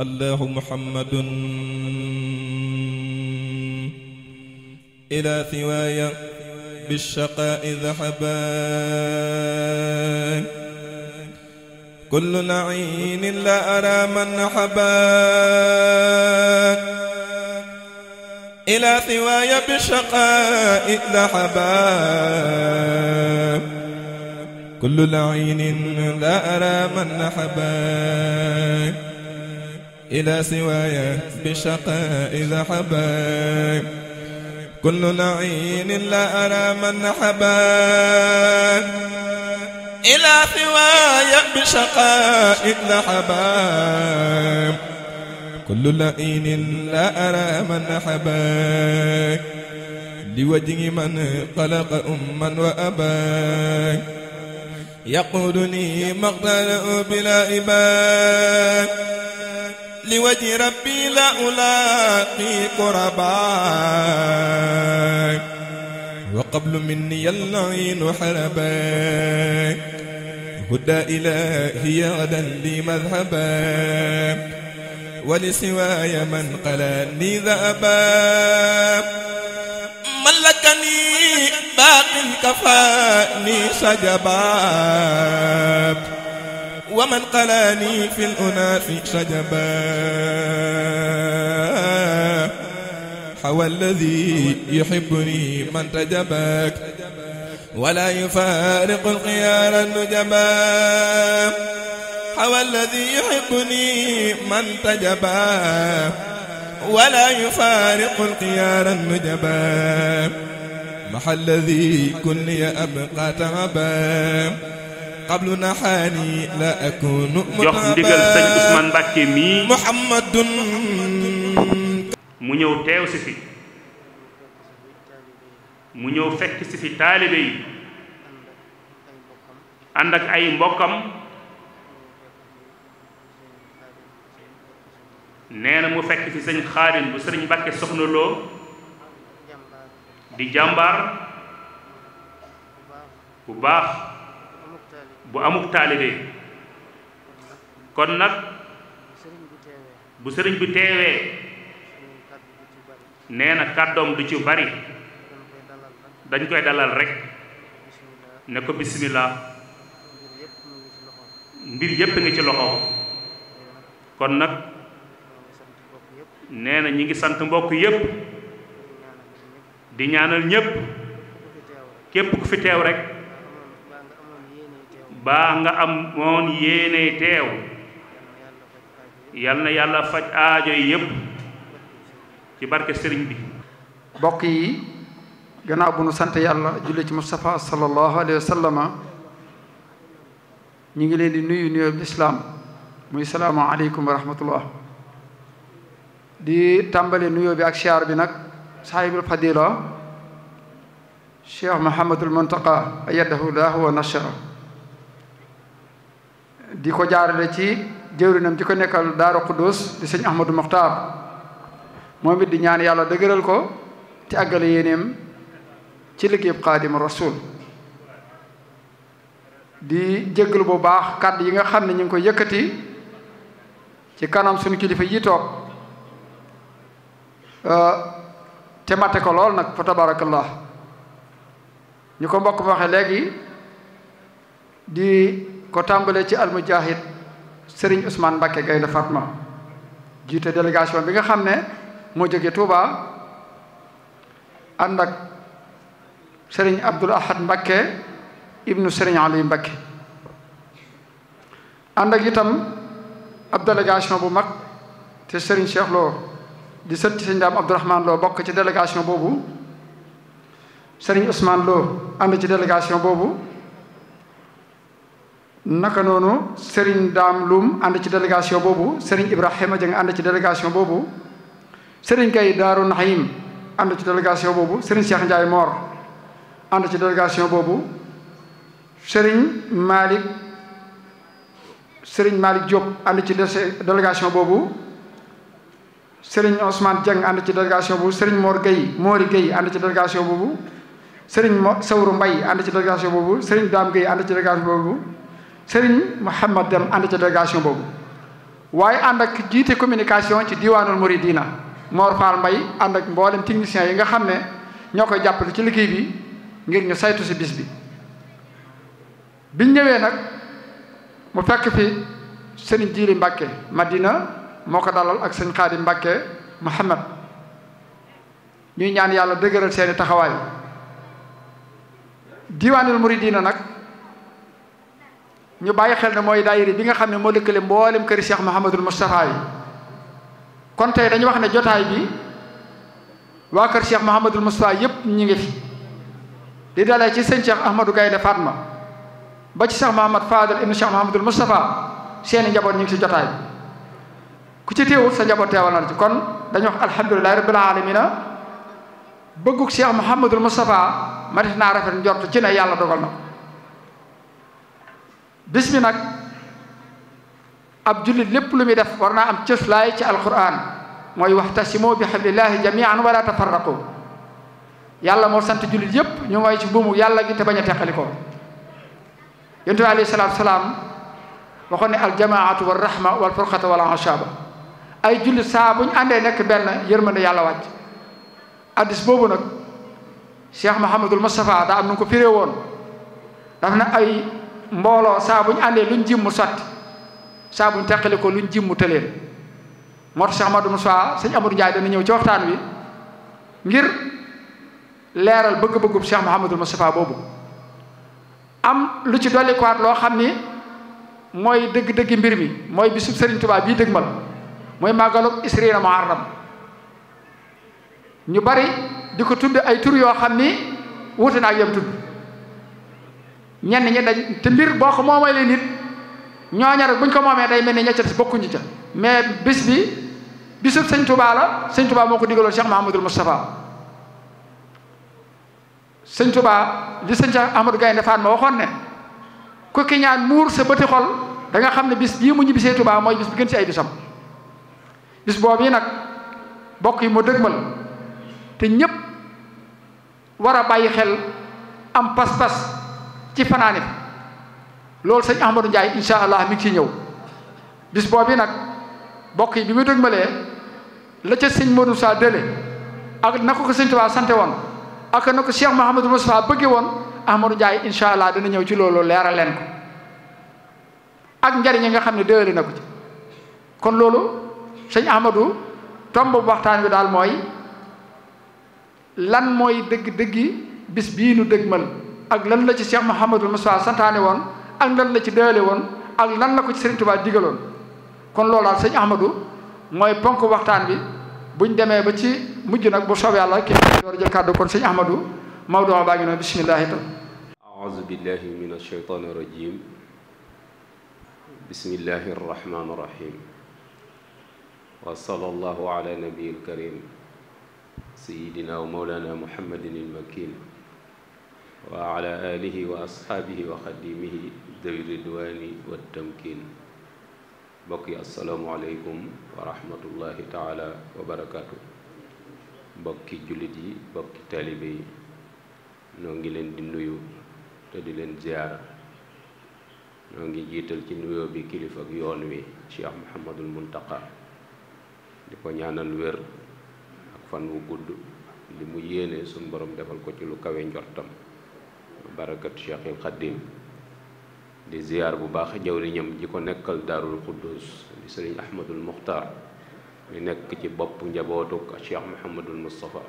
الله محمد إلى ثوايا بالشقاء ذهبا كل نعين لا أرى من حبا إلى ثوايا بالشقاء ذهبا كل لعين لا أرى من حبا إلى سواي بشقاء ذهبا كل نعين لا أرى من نحبا إلى سواي بشقاء ذهبا كل لئين لا أرى من حباك لوجه من خلق أما وأباك يقودني مقتل بلا إباك لوجه ربي لا ألاقي قرباك وقبل مني اللعين حرباك هدى إلهي غدا لي مذهبا ولسواي من قلاني ذأبا ملكني باق كفاني سجبا ومن قلاني في الأناف شجبا حوى الذي يحبني من تجباك ولا يفارق الخيار النجبا حوى الذي يحبني من تجبا ولا يفارق الخيار النجبا محى الذي كن أبقى تغبا jox ndigal sëñ Ousmane mu ñëw teew mu ñëw fekk si ay mbokkam nee na mu fekk ci sëñ xaadim bu sëriñ Mbàkke soxna di jàmbaar bu baax bu amuk taalibe kon nag bu sëriñ bi teewee nee na kàddoom du ci bari dañ koy dalal rek ne ko bisimilah mbir yépp ngi ci loxo kon nag nee na ñi ngi sant mbokk yépp di ñaanal ñépp képp ku fi teew rek baa nga am moon yéene teew yal na yàlla faj aajo yi yépp ci barke sëriñ bi bokk yi gannaaw bu nu sant yàlla julli ci Moustapha sallallahu alayhi wa sallama ñu ngi leen di nuyu nuyoo lislaam muy salaamu aleykum wa rahmatullah di tàmbale nuyoo bi ak siyaar bi nag saahibul fadila cheikh Mouhamadul Muntaqa ayyadahu llahu wa nasara di ko jaarale ci jëwrinam ci ko nekkal Daaru Xuddus di sëñ Ahmadou Mokhtar moom it di ñaan yàlla dëgëral ko ci àggale yéeneem ci liggéeyub Xaadimu Rasuul di jéggalu bu baax kàddu yi nga xam ne ñu ngi koy yëkkati ci kanam suñu kilifa yi toog euh, te mate ko lool nag fa tabarakallah ñu ko mbokk ma waxee di ko tàmbalee ci almujahid Serigne usmaan Mbacké Gaynde Fatma jiite délégation bi nga xam ne moo jóge Touba ànd sëriñ Serigne Abdoul Ahad Mbacké ibnu Serigne Ali Mbacké ànd ak itam ab delegation bu mag te sëriñ Cheikh di sët ci Serigne Dame Abdourahmane Lo bokk ci délégation boobu sëriñ Ousmane Lo ànd ci délégation boobu naka noonu Serigne Dame Loum ànd ci délégation boobu Serigne Ibrahima Dieng ànd ci délégation boobu Serigne Kay Daaru Naxim ànd ci délégation boobu Serigne Cheikh Ndiaye Mor ànd ci délégation boobu Serigne Malick Serigne Malick Diop ànd ci délégation boobu Serigne Ousmane Dieng ànd ci délégation boobu Serigne Mor Gueye Mori Gueye ànd ci délégation boobu Serigne Sawru Mbay ànd ci délégation boobu Serigne Dame ànd ci délégation boobu Serigne Mouhamad Dem ànd ca délégation boobu waaye ànd ak jiite communication ci diwaanul diina Mor Fall mbay ànd ak mboolem techniciens yi nga xam ne ñoo ko jàppale ci liggéey bi ngir ñu saytu si bis bi. biñ ñëwee nag mu fekk fi Serigne Jiili Mbacke Madina moo ko dalal ak Serigne Xaadim Mbacke Mouhamad ñuy ñaan yàlla dëgëral seeni taxawaay diwaanul diina nag. ñu bàyyi xel ne mooy daayiri bi nga xam ne moo lëkkale mboolem këri Cheikh Mouhamadul Moustapha yi kon tey dañu wax ne jotaay bi waa kër Cheikh Mouhamadul Moustapha yépp ñu ngi fi di dalee ci sëñ Cheikh Ahmadou Gaynde Fatma ba ci Cheikh Mouhamad Fadal ibn Cheikh Mouhamadul Moustapha seeni njaboot ñu ngi ci jotaay ku ci teewul sa njaboot teewal na ci kon dañu wax alhamdulilahi rabbil alamina bëgguk Cheikh Mouhamadul Moustapha ma def naa rafet njort ci ne yàlla na bis bi nag ab jullit lépp lu muy def war naa am cëslaay ci alquran mooy waxtasimu bi xablillahi jamian wala tafarraqu yàlla moo sant jullit yépp ñu ngoy ci buumu yàlla gi te bañ a teqalikoo yontu bi alayhi salaam waxoon ne aljamaatu wa rahma wal furqata wal ashaba ay jullit saa bu ñu àndee nekk benn yërmande yàlla wàcc addis boobu nag cheikh mahamadul moustapha daa am nu ko firee woon daf na ay mbooloo saa buñ àndee luñ jimmu sotti saa buñ teqale ko luñ jimmu tëleen moo tax Cheikh Amadou Moussa sëñ Amadou Ndiaye dana ñëw ci waxtaan wi ngir leeral bëgg-bëggub ma Mouhamadul Moustapha boobu am lu ci dolli loo xam ni mooy dëgg-dëgg mbir mi mooy bisub Sëriñ Tuubaa bii dëgmal mooy màggalub Isriina Muharram ñu bari di ko tudd ay tur yoo xam ni wuute naa ak tudd ñenn ñi dañ te mbir boo ko moomalee nit ñooña rek buñ ko moomee day mel ne ña ca des bokkuñu ca mais bis bi bisub sëñ Touba la sëñ Touba moo ko digaloon Cheikh Mahamadul Moustapha sëñ Touba Gaynde Fatma ma waxoon ne ku ki ñaan muur sa bëti xol danga xam ne bis bii mu ñibbisee Touba mooy bis bi gën ci ay bisam bis boobu yi nag bokk yi mu dëgmal te ñépp war a bàyyi xel am pas-pas ci fanaane loolu sëñ Ahmadou Ndiaye incha allah mi ngi ciy ñëw bis boobu nag bokk yi bi mu dëgmalee la ca sëñ Modou Sa dële ak na ko ko sëñ sante woon ak na ko Cheikh Mouhamadou Moustapha bëgge woon Ahmadou Ndiaye incha allah dina ñëw ci loolu leeral leen ko ak njariñ yi nga xam ne déwéle na ko ci kon loolu sëñ Ahmadou tomb bu waxtaan wi daal mooy lan mooy dëgg-dëggi bis bii nu dëgmal ak lan la ci Cheikh Mouhamadul Moustapha santaane woon ak lan la ci doyale woon ak lan la ko ci Serigne Touba digaloon kon loolu daal sëñ mooy ponk waxtaan bi buñ demee ba ci mujj nag bu soobee yàlla kii door jël kàddu kon sëñ Ahmadou Maodo baa ngi noonu bisimilah itam. aouzu billahi min ashaytaani rajim bismillahi rahmaani rahim wa sallallahu ala nabiyil karim sayidina wa mawlana muhammadin il makin wa ala alihi wa ashaabihi wa xadimihi dawi ridwaani wa tamkin mbokk yi asalaamualeykum wa rahmatullahi taala wa barakaatu mbokki jullit yi mbokki taalibe yi ñoo ngi leen di nuyu te di leen ziar noo ngi jiital ci nuyoo bi kilifa ak yoon wi Cheikh Mouhamadul Muntaqa di ko ñaanal wér ak fan wu gudd li mu yéene suñu borom defal ko ci lu kawe njortam barakat Cheikhul Xaddim di ziyaar bu baax jawriñam ji ko nekkal daarul quddus di sëriñ ahmadul muxtaar mi nekk ci bopp njabootuk cheikh muhammadul moustapha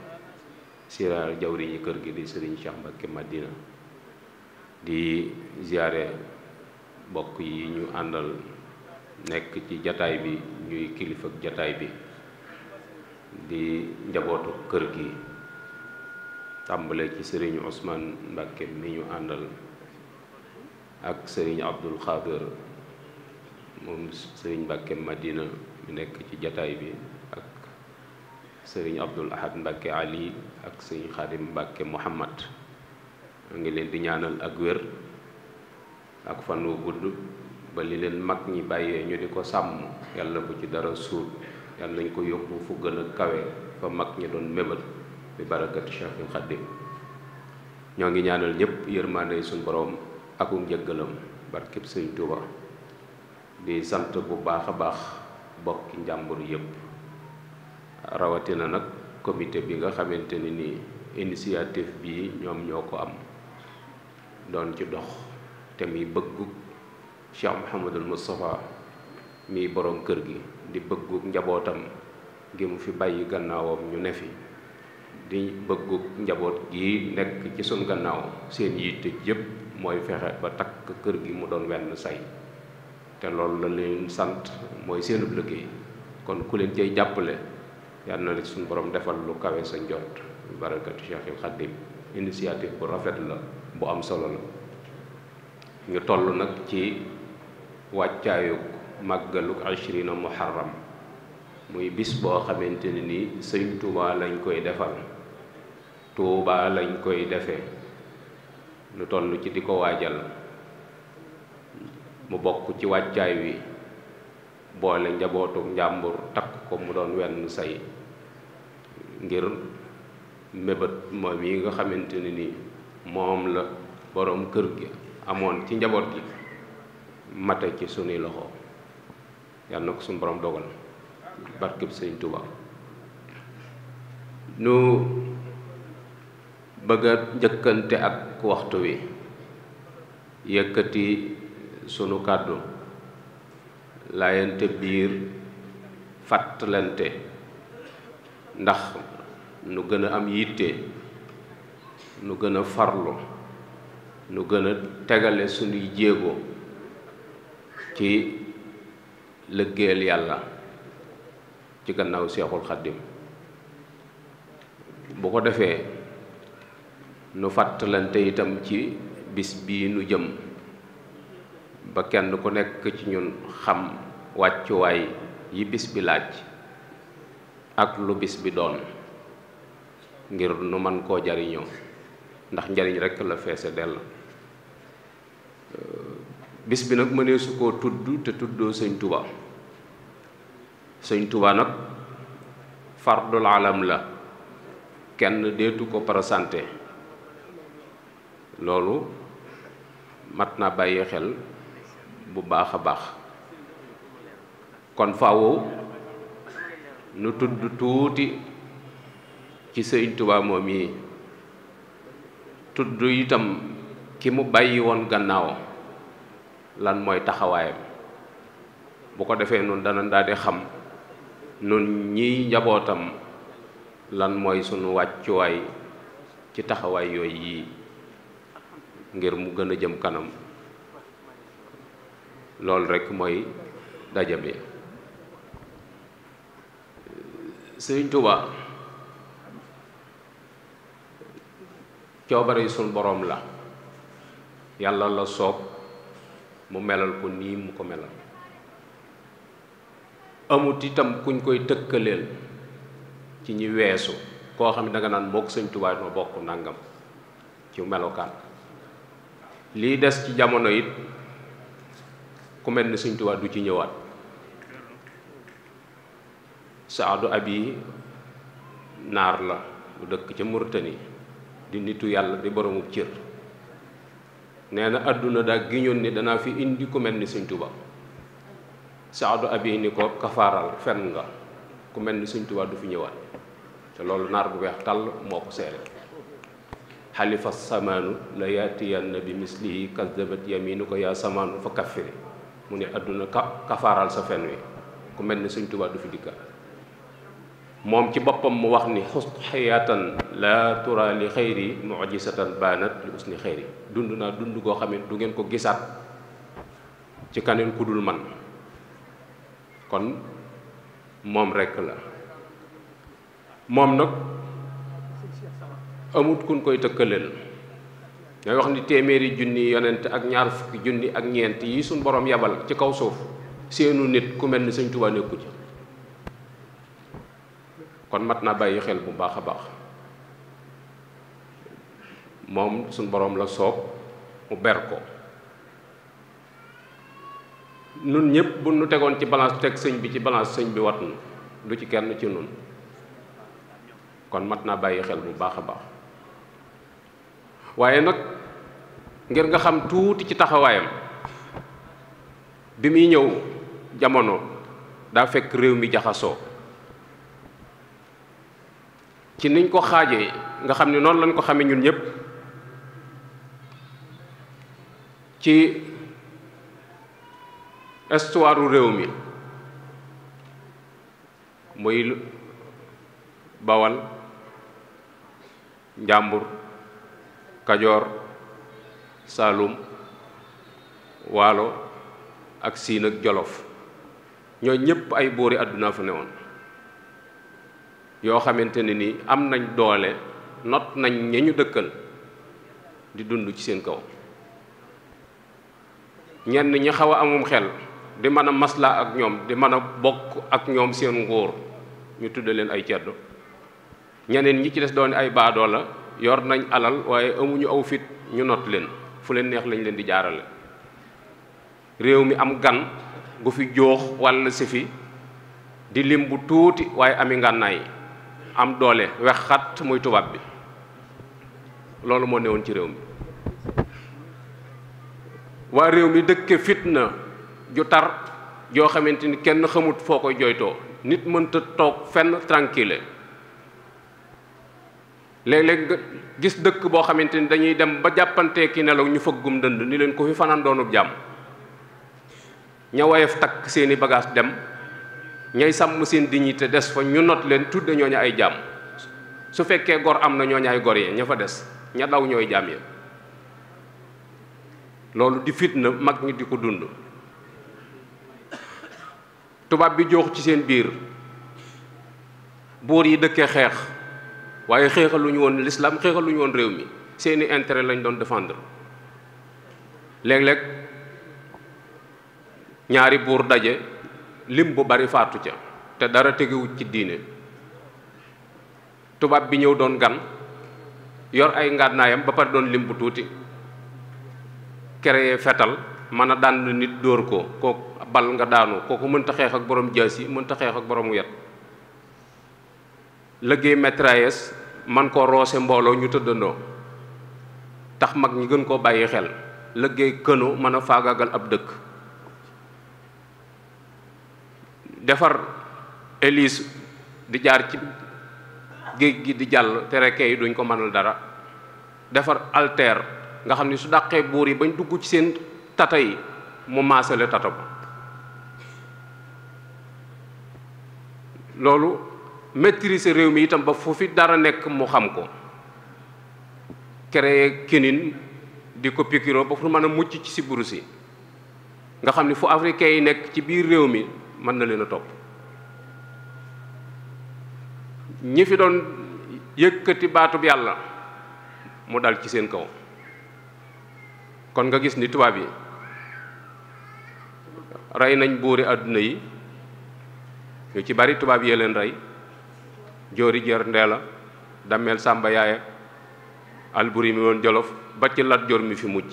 siraar jawriñi kër gi di sëriñ cheikh mbakke madina di ziyaare bokk yi ñu àndal nekk ci jataay bi ñuy kilifa jataay bi di njabootuk kër gi tàmbale ci sëriñ osmaan Mbacke mi ñu àndal ak sëriñ Abdul Xaadir moom sëriñ Mbacke Madina mi nekk ci jataay bi ak sëriñ Abdul Ahad Mbacke Ali ak sëriñ Xaadim Mbacke Muhammad a ngi leen di ñaanal ak wér ak fan wu ba li leen mag ñi bàyyee ñu di ko sàmm yàlla bu ci dara suut yàlla nañ ko yóbbu fu gën a kawe fa mag ñi doon mébal bi barakati Cheikhul Xaddim ñoo ngi ñaanal ñëpp yërmande suñu borom ak njëggalam barkeb Sëñ Tuuba di sant bu baax a baax bokki njàmbur yëpp rawatina nag comité bi nga xamante ni nii initiative bi ñoom ñoo ko am doon ci dox te muy bëggu Cheikh Mouhamadul Moustapha mi borom kër gi di bëggu njabootam gi mu fi bàyyi gannaawam ñu ne fi di bëggu njaboot gi nekk ci sun gannaaw seen yitte yëpp mooy fexe ba takk kër gi mu doon wenn say te loolu la leen sant mooy seenub liggéey kon ku leen cay jàppale yal na la suñu borom defal lu kawe sa njot barakatu Cheikhul Khadim initiative bu rafet la bu am solo la ñu toll nag ci wàccaayu màggalu ashrina muharram muy bis boo xamante ne nii sëñ Tuubaa lañu koy defal Tuuba lañ koy defee lu toll ci di ko waajal mu bokk ci wàccaay wi boole njabootu njàmbur takk ko mu doon wenn say ngir mébét moom yi nga xamante ne ni moom la boroom kër gi amoon ci njaboot gi mate ci sunuy loxo yàlla na ko suñu borom dogal barkib sëñ Tuuba nu bëgg njëkkante ak waxtu wi yëkkati sunu kàddu laayante biir fàttalante ndax nu gën a am yitte nu gën a farlu nu gën a tegale sunuy jéego ci lëggéeyal yàlla ci gannaaw seexul xaddim bu ko defee nu fàttalante itam ci bis bi nu jëm ba kenn ku nekk ci ñun xam wàccuwaay yi bis bi laaj ak lu bis bi doon ngir nu man koo jariñoo ndax njariñ rekk la feese dell bis bi nag mënee su koo tudd te tuddoo sëñ tuba sëñ tuba nag fardul alam la kenn deetu ko parasanté loolu mat naa bàyyi xel bu baax a baax kon faaw nu tudd tuuti ci sëñ Tuubaa moom yi tudd itam ki mu bàyyi woon gannaaw lan mooy taxawaayam bu ko defee nun dana daal di xam nun ñiy njabootam lan mooy sunu wàccuwaay ci taxawaay yooyu yii ngir mu gën a jëm kanam loolu rekk mooy daje bi Sëriñ Tuubaa coobare yi sunu boroom la yàlla la soob mu melal ko nii mu ko melal amut itam kuñ koy tëkkaleel ci ñi weesu koo xam ne danga naan mbokk Sëriñ Tuubaa ma bokk nangam ci melokaan lii des ci jamono it ku mel ni Sëñ Tuubaa du ci ñëwaat saadu abi naar la bu dëkk ci Mauritanie di nitu yàlla di boromub cër nee na àdduna daa giñoon ni danaa fi indi ku mel ni Sëñ Tuubaa saadu abi ni ko kafaaral fen nga ku mel ni Sëñ Tuubaa du fi ñëwaat te loolu naar bu weex tàll moo ko seere xalifa samaanu la yaatiyanna bi mislihi kazzabat yaminuka yaa samaanu fa kaffiri mu ne àdduna ka kafaaral sa fen ku mel ni Sëñ Tuubaa du fi dikkaat moom ci boppam mu wax ni xus xayaatan laa tura li xayri mujisatan baanat li usni xayri dund naa dund goo xam du ngeen ko gisaat ci kaneen ku dul man kon moom rekk la moom nag amut kun koy tëkkaleel ñooy wax ni téeméeri junni yonent ak ñaar fukki junni ak ñeent yi suñ boroom yabal ci kaw suuf seenu nit ku mel ni sëñ Tuubaa nekku ci kon mat naa bàyyi xel bu baax a baax moom suñ boroom la soob mu ber ko nun ñëpp bu nu tegoon ci balance teg sëñ bi ci balance sëñ bi wat na du ci kenn ci nun kon mat naa bàyyi xel bu baax a baax waaye nag ngir nga xam tuuti ci taxawaayam bi muy ñëw jamono daa fekk réew mi jaxasoo ci niñ ko xaajee nga xam ne noonu lañ ko xamee ñun ñépp ci histoire réew mi muy bawal njàmbur kajoor saalum waalo ak siin ak jolof ñoo ñépp ay boori àdduna fa ne woon yoo xamante ne ni am nañ doole not nañ ña ñu dëkkal di dund ci seen kaw ñenn ñi xaw a amum xel di mën a maslaa ak ñoom di mën a bokk ak ñoom seen nguur ñu tudde leen ay ceddo ñeneen ñi ci des doon ay baadoo yor nañ alal waaye amuñu aw fit ñu not leen fu leen neex lañ leen di jaarale réew mi am gan gu fi joox walla si fi di lim bu tuuti waaye ami ngànnaay am doole wex muy tubaab bi loolu moo newoon ci réew mi waa réew mi dëkke fitna ju tar joo xamante ni kenn xamut foo koy jooytoo nit mënta toog fenn tranquille léeg-léeg gis dëkk boo xamante ni dañuy dem ba jàppantee ki nelaw ñu fëggum dënd ni leen ko fi fanaan doonub jàmm ña woyof takk seeni bagage dem ñay sàmm seen te des fa ñu not leen tudde ñooñu ay jàmm su fekkee gor am na ñooñu ay gor yi ña fa des ña daw ñooy jàmm ya loolu di fitna mag ñi di ko dund tubaab bi jooxu ci seen biir buur yi dëkkee xeex waaye xeexaluñu woon l'islam xeexaluñu woon réew mi seeni intérêt lañ doon défendre léeg-léeg ñaari buur daje lim bu bari faatu ca te dara tegewut ci diine tubaab bi ñëw doon gan yor ay ngànnaayam ba pare doon lim bu tuuti créer fetal mën a daan nit dóor ko kooku bal nga daanu kooku mënta xeex ak borom jaasi mënta xeex ak borom wet liggéey maîtresse man koo roose mbooloo ñu tëddandoo tax mag ñi gën koo bàyyi xel liggéey këno mën a faagaagal ab dëkk defar elise di jaar ci géej gi di jàll tereke yi duñ ko mënal dara defar alter nga xam ni su dàqee buur yi bañ dugg ci seen tata yi mu maasale tata ba loolu maîtriser réew mi itam ba fu fi dara nekk mu xam ko créer kinin di ko pikiroo ba fu mën a mucc ci si buru si nga xam ni fu africain yi nekk ci biir réew mi mën na leen a topp ñi fi doon yëkkati baatub yàlla mu dal ci seen kaw kon nga gis ni tubaab yi rey nañ buuri àdduna yi ñu ci bari tubaab yee leen rey joori jor ndeela dammeel sàmba yaaya alburi mi woon jolof ba ci lat joor mi fi mujj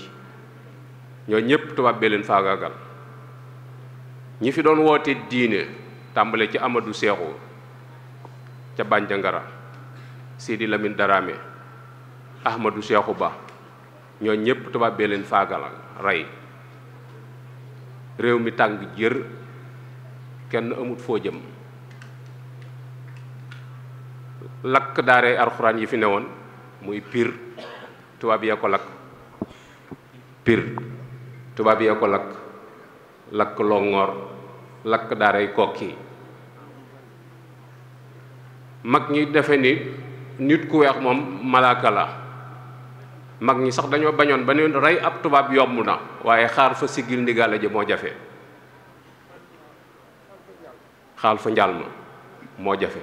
ñoo ñépp tubaab leen faagaagal ñi fi doon woote diine tàmbale ci amadu seexu ca bànjangara sidi lamin daraame ahmadu seexu ba ñoo ñépp tubaab leen faagaagal rey réew mi tàng jër kenn amut foo jëm lakk daaree alxuraan yi fi woon muy piir tubaab yee ko lakk Pire tubaab yee ko lakk lakk Longoor lakk daaray Kokki mag ñi defe nit ku weex moom malaaka la mag ñi sax dañoo bañoon ba ne rey ab tubaab yomb na waaye xaar fa siggil ndigaale ji moo jafe xaal fa njaal ma moo jafe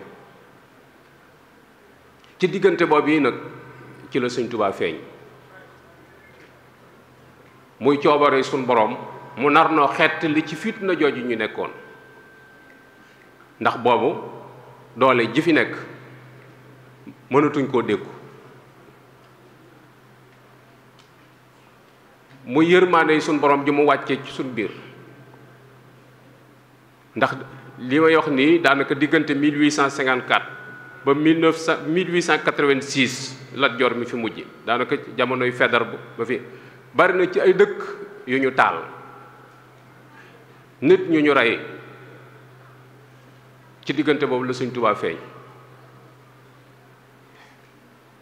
ci diggante boobu yi nag ci la sëñ Tuubaa feeñ muy coobare suñ boroom mu nar noo xett li ci fitna jooju ñu nekkoon ndax boobu doole ji fi nekk mënatuñ koo dékku mu yërmaande suñu borom ji mu wàccee ci suñ biir ndax li may wax nii daanaka diggante 1854 ba 1900 1886 Lat Joor mi fi mujj daanaka jamonoy Faidherbe ba fi bari na ci ay dëkk yu ñu taal nit ñu ñu rey ci diggante boobu la Sëñ Tuubaa feeñ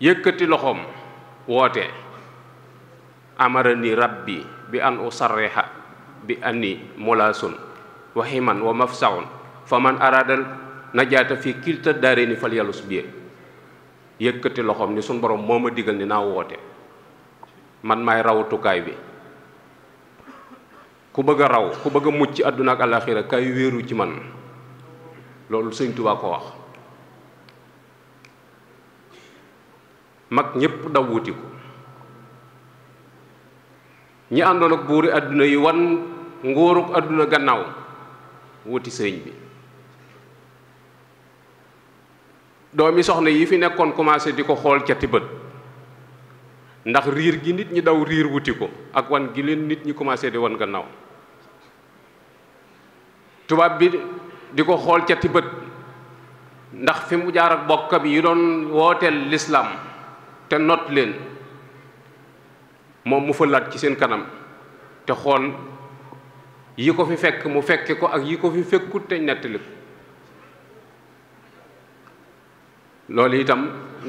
yëkkati loxoom woote amarani rabbi bi an usarriha bi anni mulaasun waximan wa mafsaun fa man aradal najaata fii kilta daare ni fal yàllus bie yëkkati loxoom ni suñ borom moo ma digal ni naa woote man maay rawatukaay bi ku bëgg a raw ku bëgg a mucc ci àdduna ak àlaxira kay wéeru ci man loolu sëñ Tuubaa ko wax mag ñépp daw wuti ko ñi àndoon ak buuri àdduna yi wan nguuruk àdduna gannaaw wuti sëñ bi doomi soxna yi fi nekkoon commencé di ko xool cati bët ndax riir gi nit ñi daw riir wuti ko ak wan gi leen nit ñi commencé di wan gannaaw tubaab bi di ko xool cati bët ndax fi mu jaar ak bokk bi yi doon wooteel lislaam te not leen moom mu fëlaat ci seen kanam te xool yi ko fi fekk mu fekke ko ak yi ko fi fekkut te nettali loolu itam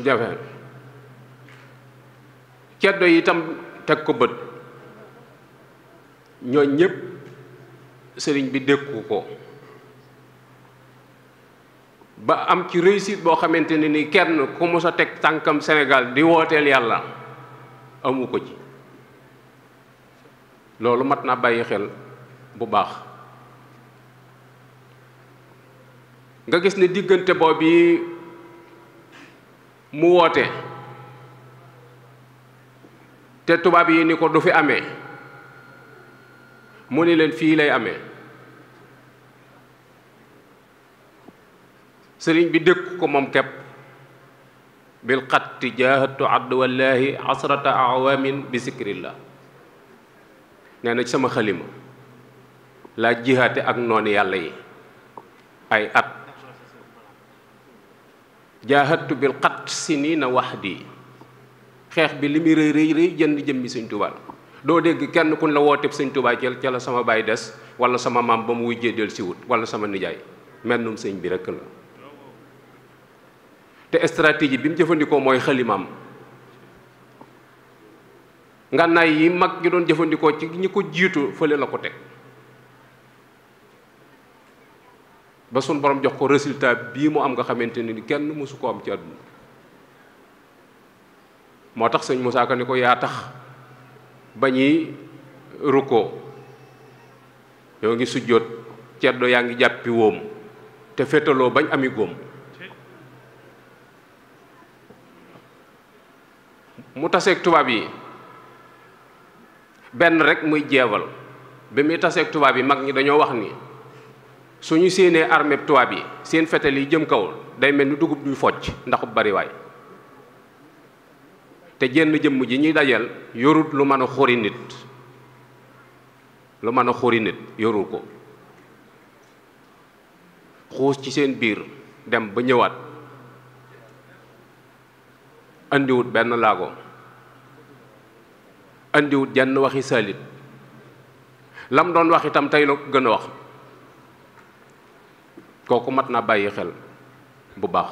jafe ceddo yi itam teg ko bët ñoo ñépp sëriñ bi dékku ko ba am ci réussite boo xamante ne ni kenn ku mos a teg tànkam Sénégal di wooteel yàlla amu ko ci loolu mat naa bàyyi xel bu baax nga gis ne diggante boobu mu woote te tubaab yi ni ko du fi amee mu ni leen fii lay amee sëriñ bi dëkk ko moom kepp bil xatti jaahatu abduwallahi asrata awamin bi sikrillah nee na ci sama xalima laa jihaate ak noonu yàlla yi ay at jaahadtu bil xat si nii na wax di xeex bi li muy rëy rëy rëy jënd jëmmi sëñ Tuubaa doo dégg kenn ku la wooteeb sëñ Tuubaa ca ca la sama baay des wala sama maam ba mu wujjee del wut wala sama nijaay mennum sëñ bi rekk la te stratégie bi mu jëfandikoo mooy xalimaam ngànnaay yi mag ñu doon jëfandikoo ci ñi ko jiitu fële la ko teg ba suñ borom jox ko résultat bii mu am nga xamante ni kenn mësu ko am ci àdduna moo tax sëñ Moussa Ka ni ko yaa tax ba ñuy rukkoo yoo ngi sujjóot ceddo yaa ngi jàppi wóom te fétaloo bañ ami góom mu taseeg tubaab yi benn rek muy jeebal bi muy taseeg tubaab yi mag ñi dañoo wax ni su ñu séenee armée tubaab yi seen fetal yi jëm kaw day mel ni dugub duy focc ndax bu bariwaay te jenn jëmm ji ñuy dajal yorut lu mën a xuri nit lu mën a xuri nit yorul ko xuus ci seen biir dem ba ñëwaat indiwut benn laago andiwut jenn waxi salit lam doon wax itam tey la gën a wax kooku mat naa bàyyi xel bu baax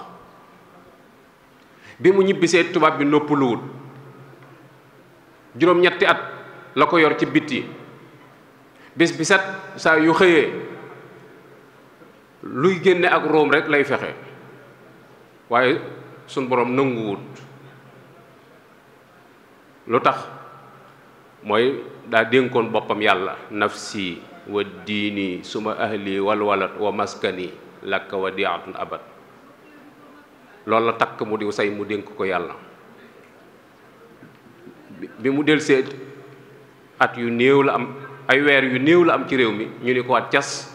bi mu ñibbisee tubaab bi noppaluwut juróom-ñetti at la ko yor ci bitti bis bi set saa yu xëyee luy génne ak room rekk lay fexe waaye suñ boroom nanguwut lu tax mooy daa dénkoon boppam yàlla naf si wa diini suma ahli walwalat wa maskani lakka wa diatun abad loolu la takk mu di say mu dénk ko yàlla bi mu delsee at yu néew la am ay weer yu néew la am ci réew mi ñu ni ko at cas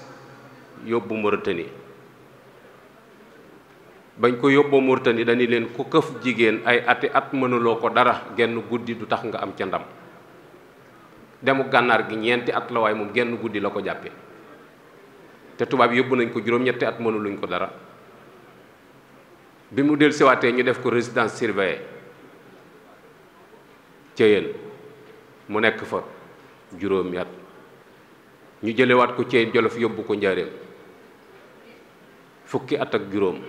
yóbbu Mauritanie bañ ko yóbboo Mauritanie dañu leen ku këf jigéen ay ati at mënuloo ko dara genn guddi du tax nga am ca ndam demu gànnaar gi ñeenti at la waaye moom genn guddi la ko jàppe te tubaab yóbbu nañ ko juróom-ñetti at mënuluñ ko dara bi mu del siwaatee ñu def ko résidence surveillée Thiéyène mu nekk fa juróomi at ñu jëlewaat ko Thiéyène Jolof yóbbu ko njaareem fukki at ak juróom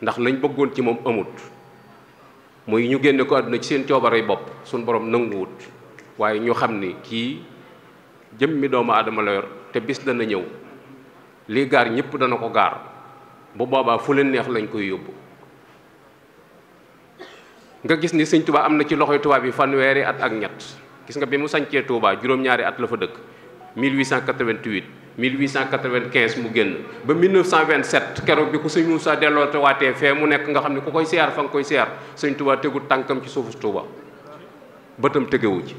ndax lañ bëggoon ci moom amut muy ñu génne ko àdduna ci seen coobare bopp suñ boroom nanguwut waaye ñu xam ni kii mi doomu aadama la yor te bis dana ñëw lii gaar ñëpp dana ko gaar bu boobaa fu leen neex lañ koy yóbbu nga gis ni sëñ Tuubaa am na ci loxoy tubaab yi fanweeri at ak ñett gis nga bi mu sancee Tuubaa juróom-ñaari at la fa dëkk 1888 1895 mu génn ba 1927 keroog bi ku sëñ Moussa delloo tawaatee fee mu nekk nga xam ne ku koy siyaar fa nga koy siyaar sëñ Tuubaa tegul tànkam ci suufu Tuubaa bëtam tegewu ci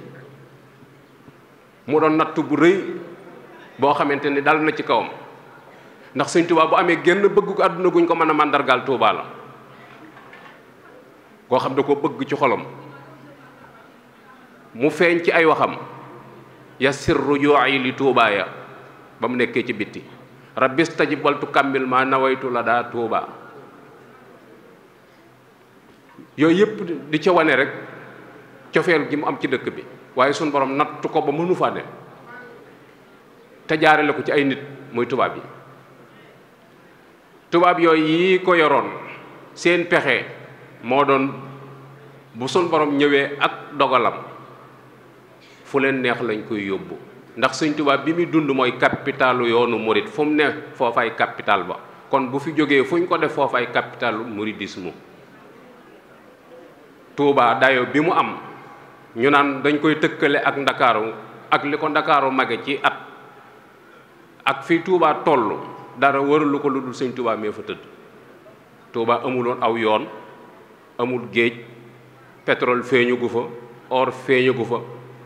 mu doon natt bu rëy boo xamante ni dal na ci kawam ndax sëñ Tuubaa bu amee génn bëgg ko àdduna guñ ko mën a màndargaal Tuubaa la koo xam da ko bëgg ci xolam mu feeñ ci ay waxam ya sirru jooyi li Tuubaa ya ba mu nekkee ci bitti rabbis tajib waltu kàmmil ma nawaytu la daa Tuubaa yooyu yëpp di ca wane rek cofeel gi mu am ci dëkk bi waaye suñu borom nattu ko ba mënu faa dem te jaarale ko ci ay nit muy tubaab yi tubaab yooyu yi ko yoroon seen pexe moo doon bu suñ borom ñëwee ak dogalam fu leen neex lañ koy yóbbu ndax suñ tubaab bi muy dund mooy capitalu yoonu murit fu mu ne foofay capital ba kon bu fi jógee fu ñu ko def foofay capitalu muridisme Tuubaa dayo bi mu am ñu naan dañ koy tëkkale ak ndakaaru ak li ko ndakaaru mage ci at ak fii Touba toll dara waralu ko lu dul sëñ Touba mee fa tëdd Touba amuloon aw yoon amul géej petrol feeñu gu fa or feeñu gu fa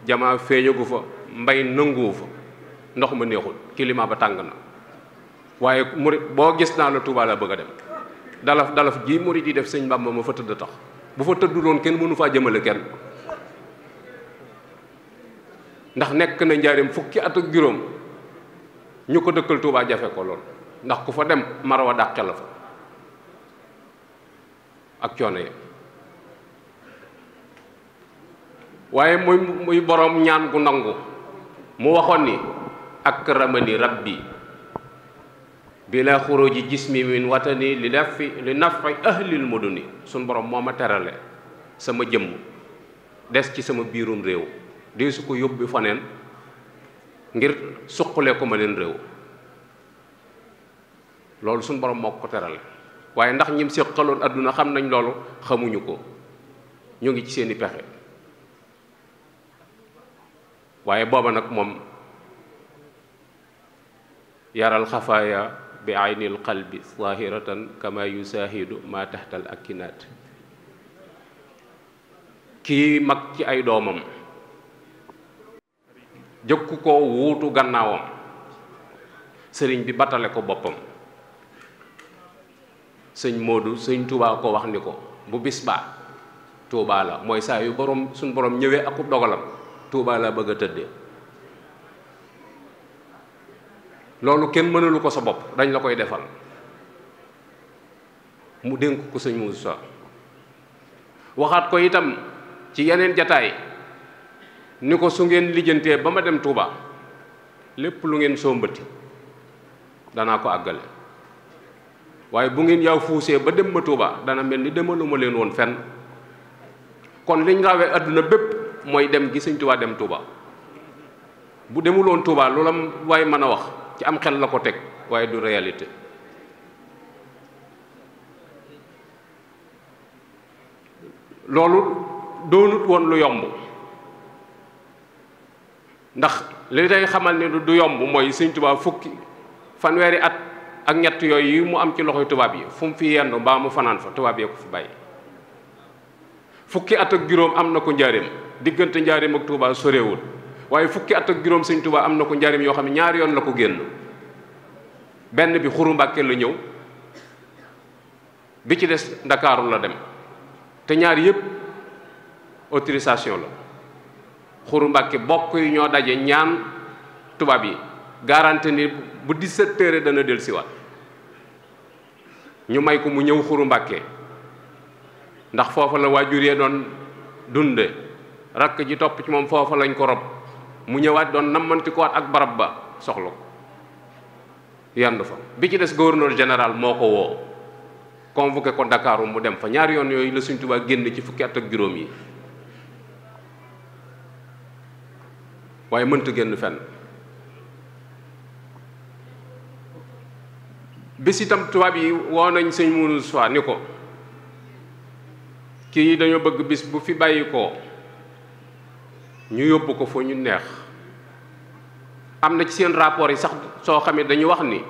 jamaa feeñu gu fa mbay nanguwu fa ndox ma neexul climat ba tàng na waaye murit boo gis naa la Touba la bëgg a dem dalaf dalaf ji murit yi def sëñ Bàmba ma fa tëdd tax bu fa tëdduloon kenn mënu faa jëmale kenn ndax nekk na njaareem fukki at ak juróom ñu ko dëkkal Touba jafe ko lool ndax ku fa dem marawa dàqe la fa ak coono yi waaye muy muy boroom ñaan gu nangu mu waxoon ni akramani rabbi bila xuruji jismi min watani li nafi li nafi ahlil muduni suñ boroom moo ma terale sama jëmm des ci sama biirum réew dee su ko yóbbu faneen ngir suqalee ko ma leen réew loolu suñu boroom moo ko terale waaye ndax ñim séqaloon àdduna xam nañ loolu xamuñu ko ñu ngi ci seeni pexe waaye booba nag moom yaral xafaaya bi aynil qalbi zahiratan kama yusahidu ma taxtal akinaat kii mag ci ay doomam jëkku ko wuutu gannaawam sëriñ bi batale ko boppam sëñ moodu sëñ Touba ko wax ni ko bu bis baa Touba la mooy saa yu borom suñ borom ñëwee akub dogalam Touba la bëgg a tëddee loolu kenn mënalu ko sa bopp dañ la koy defal mu dénk ko sëñ Moussa waxaat ko itam ci yeneen jataay ni ko su ngeen lijjantee ba ma dem Touba lépp lu ngeen soo mbëtti danaa ko àggale waaye bu ngeen yaw fuusee ba dem ma Touba dana mel ni demaluma leen woon fen kon liñ rawee àdduna bépp mooy dem gi Sëñ Touba dem Touba bu demuloon Touba loola waaye mën a wax ci am xel la ko teg waaye du réalité loolu doonut woon lu yomb ndax li day xamal ne du yomb mooy sëñ tubaab fukki fanweeri at ak ñett yooyu yi mu am ci loxoy tubaab yi fu mu fi yendu mbaa mu fanaan fa tubaab yee ko fu bàyyi fukki at ak juróom am na ko njaareem diggante njaareem ak Touba soreewul waaye fukki at ak juróom sëñ Touba am na ko njaareem yoo xam ne ñaari yoon la ko génn benn bi xuru Mbàkke la ñëw bi ci des ndakaaru la dem te ñaar yëpp autorisation la xuru mbàkke bokk yi ñoo daje ñaan tubaab yi garanti ni bu 17 heures dana del siwaat ñu may ko mu ñëw xuru mbàkke ndax foofa la waajur yee doon dunde rakk ji topp ci moom foofa lañ ko rob mu ñëwaat doon nammanti ko ak barab ba soxla ko yandu fa bi ci des gouverneur général moo ko woo convoqué ko Dakar mu dem fa ñaari yoon yooyu la Sëriñ Tuubaa génn ci fukki at ak juróom yi waaye mënta génn fenn bis itam tubaab yi woo nañ sëñ Mourou Sow ni ko kii yi dañoo bëgg bis bu fi bàyyi ko ñu yóbbu ko foo ñu neex am na ci seen rapport yi sax soo xamee dañu wax ni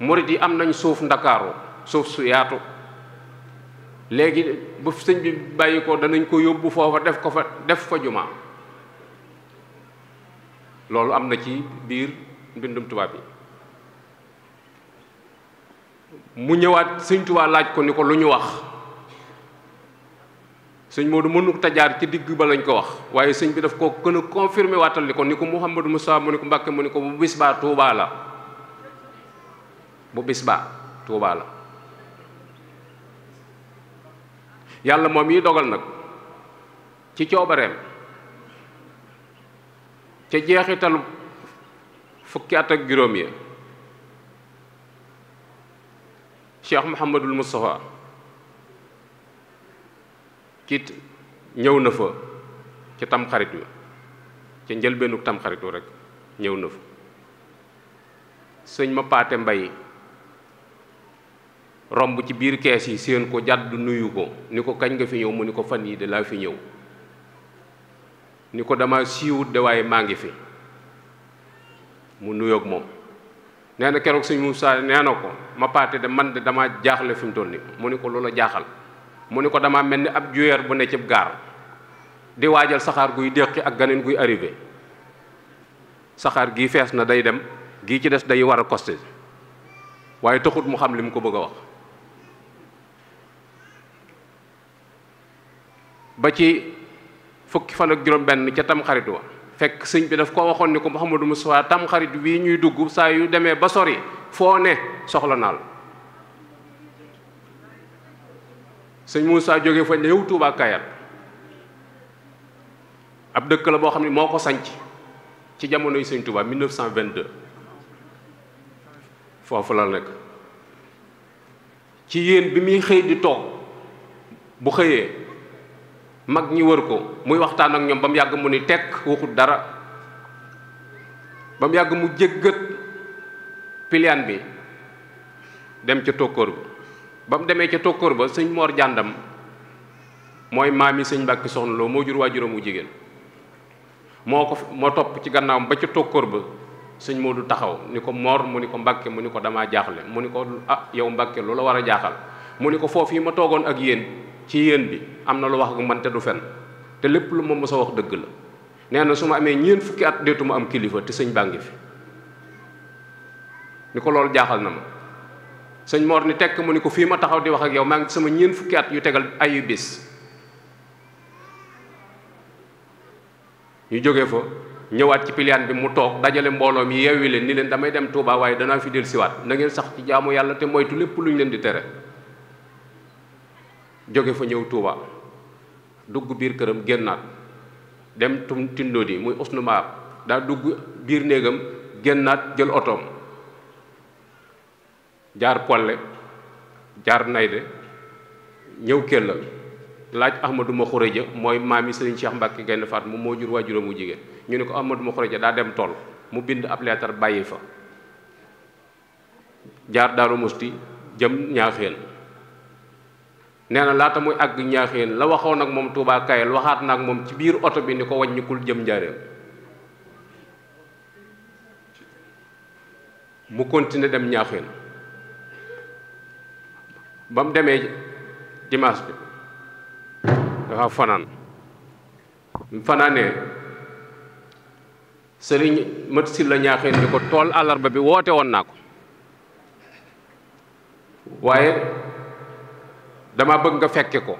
murit yi am nañ suuf ndakaaru suuf su yaatu léegi bu sëñ bi bàyyi ko danañ ko yóbbu foofa def ko fa def fa jumaa loolu am na ci biir mbindum tubaab bi mu ñëwaat sëñ Tuubaa laaj ko ni ko lu ñu wax sëñ Moodu mënu ta jaar ci digg ba lañ ko wax waaye sëñ bi daf koo gën a confirmé waatal ni ko ni ko Mouhamadou Moussa mu ni ko Mbàkke mu ni ko bu bis baa Tuubaa la bu bis baa Tuubaa la yàlla moom yi dogal nag ci coobareem ca jeexitalu fukki at ak juróom ya cheikh Mouhamadul Moustapha kit ñëw na fa ci tamxarit wi ca njëlbeenu tamxarit wi rek ñëw na fa sëñ ma paate mbay romb ci biir kees yi seen ko jàdd nuyu ko ni ko kañ nga fi ñëw mu ni ko fan yi de laa fi ñëw ni ko dama siiwut de waaye maa ngi fi mu nuyoog moom nee na keroog sëñ Moussa nee na ko ma paate de man de dama jaaxle fi mu toll ni mu ni ko loola jaaxal mu ni ko dama mel ni ab juyeer bu ne cib gaar di waajal saxaar guy déqi ak ganeen guy arrivé saxaar gii fees na day dem gii ci des day war a costé waaye taxut mu xam li mu ko bëgg a wax ba ci fukki fan ak juróom-benn ca tamxarit wa fekk sëñ bi daf koo waxoon ni ko Mouhamadou Moustapha tamxarit bii ñuy dugg saa yu demee ba sori foo ne soxla naal sëñ Moussa jógee fa ñëw Touba Kayar ab dëkk la boo xam ne moo ko sañc ci jamono yi sëñ Touba 1922 foofu la nekk ci yéen bi muy xëy di toog bu xëyee mag ñi wër ko muy waxtaan ak ñoom ba mu yàgg mu ni tekk waxut dara ba mu yàgg mu jéggat piliyaan bi dem ca tokkoor bi ba mu demee ca tokkoor ba sëñ moor jàndam mooy maam yi sëñ mbàkki soxna loo moo jur waajuram mu jigéen moo ko moo topp ci gannaawam ba ca tokkoor ba sëñ moo du taxaw ni ko moor mu ni ko mbàkke mu ni ko damaa jaaxle mu ni ko ah yow mbàkke la war a jaaxal mu ni ko foofu yi ma toogoon ak yéen ci yéen bi am na lu wax ak man te du fen te lépp lu ma mës wax dëgg la nee na su ma amee ñeent fukki at deetu ma am kilifa te sëñ bàng fi ni ko loolu jaaxal na ma sëñ moor ni tekk mu ni ko fii ma taxaw di wax ak yow maa ngi sama ñeent fukki at yu tegal ayu bis ñu jóge fa ñëwaat ci piliyaan bi mu toog dajale mbooloo mi yeewi leen ni leen damay dem Touba waaye danaa fi dellusiwaat na ngeen sax ci jaamu yàlla te moytu lépp lu luñ leen di tere jóge fa ñëw Touba dugg biir këram génnaat dem tum tindo di muy usnu maar daa dugg biir néegam génnaat jël otoom jaar polle jaar nayde ñëw kéllal laaj ahmadu ma xureja mooy maam maami sëriñ Cheikh mbakk Gaynde Faat moom moo jur waajuram mu jigéen ñu ne ko ahmadu ma ja daa dem tool mu bind ab leetar bàyyi fa jaar daalu musti jëm ñaaxeen nee na laata muy àgg ñaaxeen la waxoon ak moom Touba Kayel waxaat na ak moom ci biir oto bi ni ko wàññikul jëm njaareem mu continuer dem ñaaxeen ba mu demee dimaas bi dafa fanaan fanaanee sëriñ mat si la ñaaxeen ni ko tool àllarba bi woote woon naa ko waaye dama bëgg nga fekke ko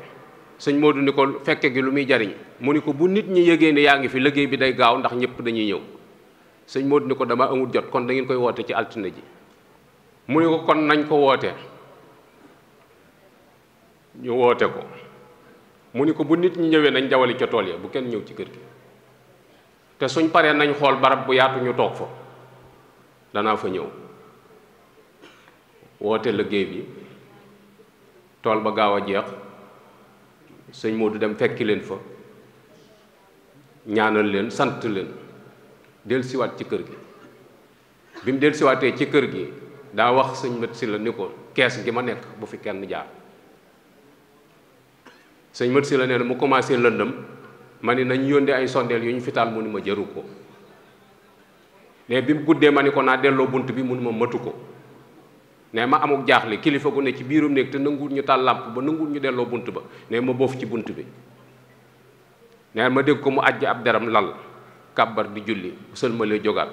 sëñ Modou ni ko fekke gi lu muy jariñ mu ni ko bu nit ñi yëgee ne yaa ngi fi liggéey bi day gaaw ndax ñëpp dañuy ñëw sëñ Modou ni ko dama amul jot kon da ngeen koy woote ci altine ji mu ni ko kon nañ ko woote ñu woote ko mu ni ko bu nit ñi ñëwee nañ jawali ca tool ya bu kenn ñëw ci kër gi te suñ paree nañ xool barab bu yaatu ñu toog fa danaa fa ñëw woote liggéey bi tool ba gaaw a jeex sëñ Modou dem fekki leen fa ñaanal leen sant leen dellusiwaat ci kër gi bi mu dellusiwaatee ci kër gi daa wax sëñ mët si la ni ko kees gi ma nekk bu fi kenn jaar sëñ mët si la nee mu commencé lëndëm ma ni nañ yónde ay sondeel yu ñu fitaal mu ni ma jëru ko mais bi mu guddee ma ni ko naa delloo bunt bi mu ni ma mëtu ko ne ma amuk jaaxle kilifa ku ne ci biirum néeg te nanguwut ñu taal làmp ba nanguwut ñu delloo bunt ba ne ma boof ci bunt bi ne ma dégg ko mu àjj ab deram lal kàbbar di julli sëlmalee jógaat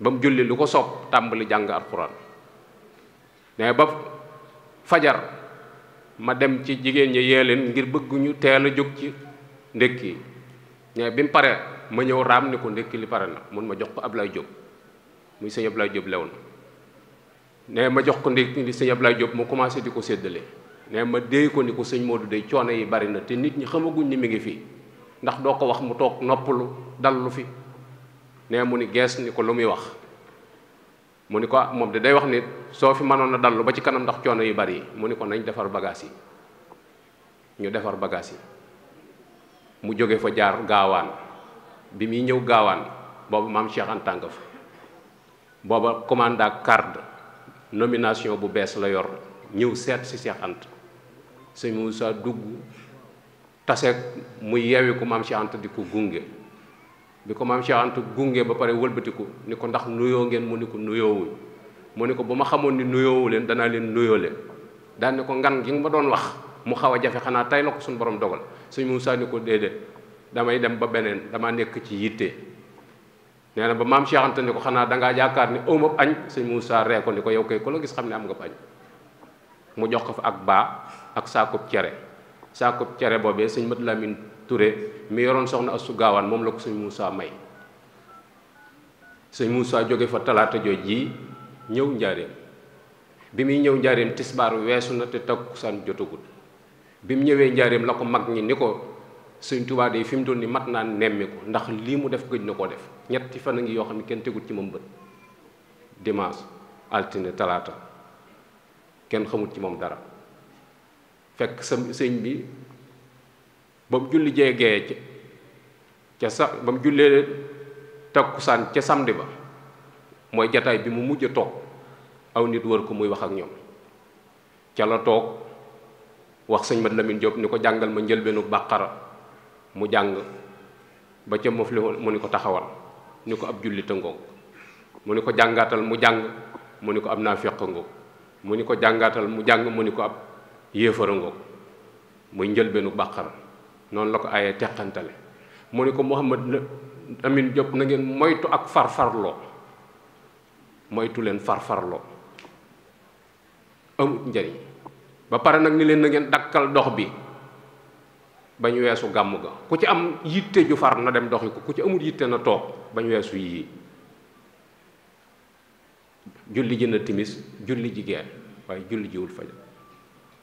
ba mu julli lu ko soob tàmbali jàng alxuraan ne ba fajar ma dem ci jigéen ñi yee leen ngir bëgguñu ñu a jóg ci ndékki ne bi mu paree ma ñëw raam ni ko ndékki li pare na mun ma jox ko Ablaye jóg muy sëñ Ablaye Diop lewoon ne ma jox ko ndékki li sëñ Ablaye Diop mu commencé di ko séddale ne ma déy ko ni ko sëñ Modou day coono yi bari na te nit ñi xamaguñ ni mu ngi fii ndax doo ko wax mu toog noppalu dallu fi ne mu ni gees ni ko lu muy wax mu ni ko ah, moom da day wax ni soo fi mënoon a dallu ba ci kanam ndax coono yu bari yi mu ni ko nañ defar bagage yi ñu defar bagaas yi mu jóge fa jaar gaawaan bi muy ñëw gaawaan booba maam Cheikh Anta nga fa booba commanda card nomination bu bees la yor ñëw seet si Cheikh Anta sëñ Moussa dugg tase mu yewi ku maam Cheikh Anta di ko gunge bi ko maam Cheikh Anta gunge ba pare wëlbatiku ni ko ndax nuyoo ngeen mu ni ko nuyoowuñ mu ni ko bu ma xamoon ni nuyoowu leen danaa leen nuyoo leen daan ni ko ngan gi nga ma doon wax mu xaw a jafe xanaa tey la ko suñu borom dogal sëñ Moussa ni ko déedéet damay dem ba beneen dama nekk ci yitte. nee ba maam Cheikh Anta ne ko xanaa dangaa yaakaar ne awma añ sëñ Moussa ree ko ni ko yow kay ku la gis xam ne am nga añ mu jox ko fa ak baa ak saakub cere saakub cere boobee sëñ Mat Lamin Ture mu yoroon soxna Astu Gaawaan moom la ko sëñ muusa may sëñ Moussa jóge fa talaata jooj ji ñëw njaareem bi muy ñëw njaareem tisbaar weesu na te takkusaan jotagul bi mu ñëwee njaareem la ko mag ñi ni ko sëñ Tuubaa de fi mu doon ni mat naa nemmiku ndax lii mu def gëj na koo def ñetti fan a ngi yoo xam ne kenn tegut ci moom bët dimaas altine talaata kenn xamut ci moom dara fekk sa sëñ bi ba mu julli jeegee ca ca sa ba mu jullee takkusaan ca samedi ba mooy jataay bi mu mujj toog aw nit wër ko muy wax ak ñoom ca la toog wax sëñ Mat Lamin Jóob ni ko jàngal ma njëlbeenu bàqara mu jàng ba ca muflihul mu ni ko taxawal ni ko ab jullit a ngoog mu ni ko jàngaatal mu jàng mu ne ko ab naafiq a ngoog mu ni ko jàngaatal mu jàng mu ni ko ab yéefar a ngoog muy njëlbeenu bàqara noonu la ko ayee teqantale mu ne ko Muhammad Amin Diop na ngeen moytu ak farfarloo moytu leen farfarloo amut njariñ ba pare nag ni leen na ngeen dakkal dox bi bañ weesu gàmm ga ku ci am yitte ju far na dem doxi ko ku ci amul yitte na toog ba weesu yii julli ji na timis julli ji gee waaye julli jiwul fajar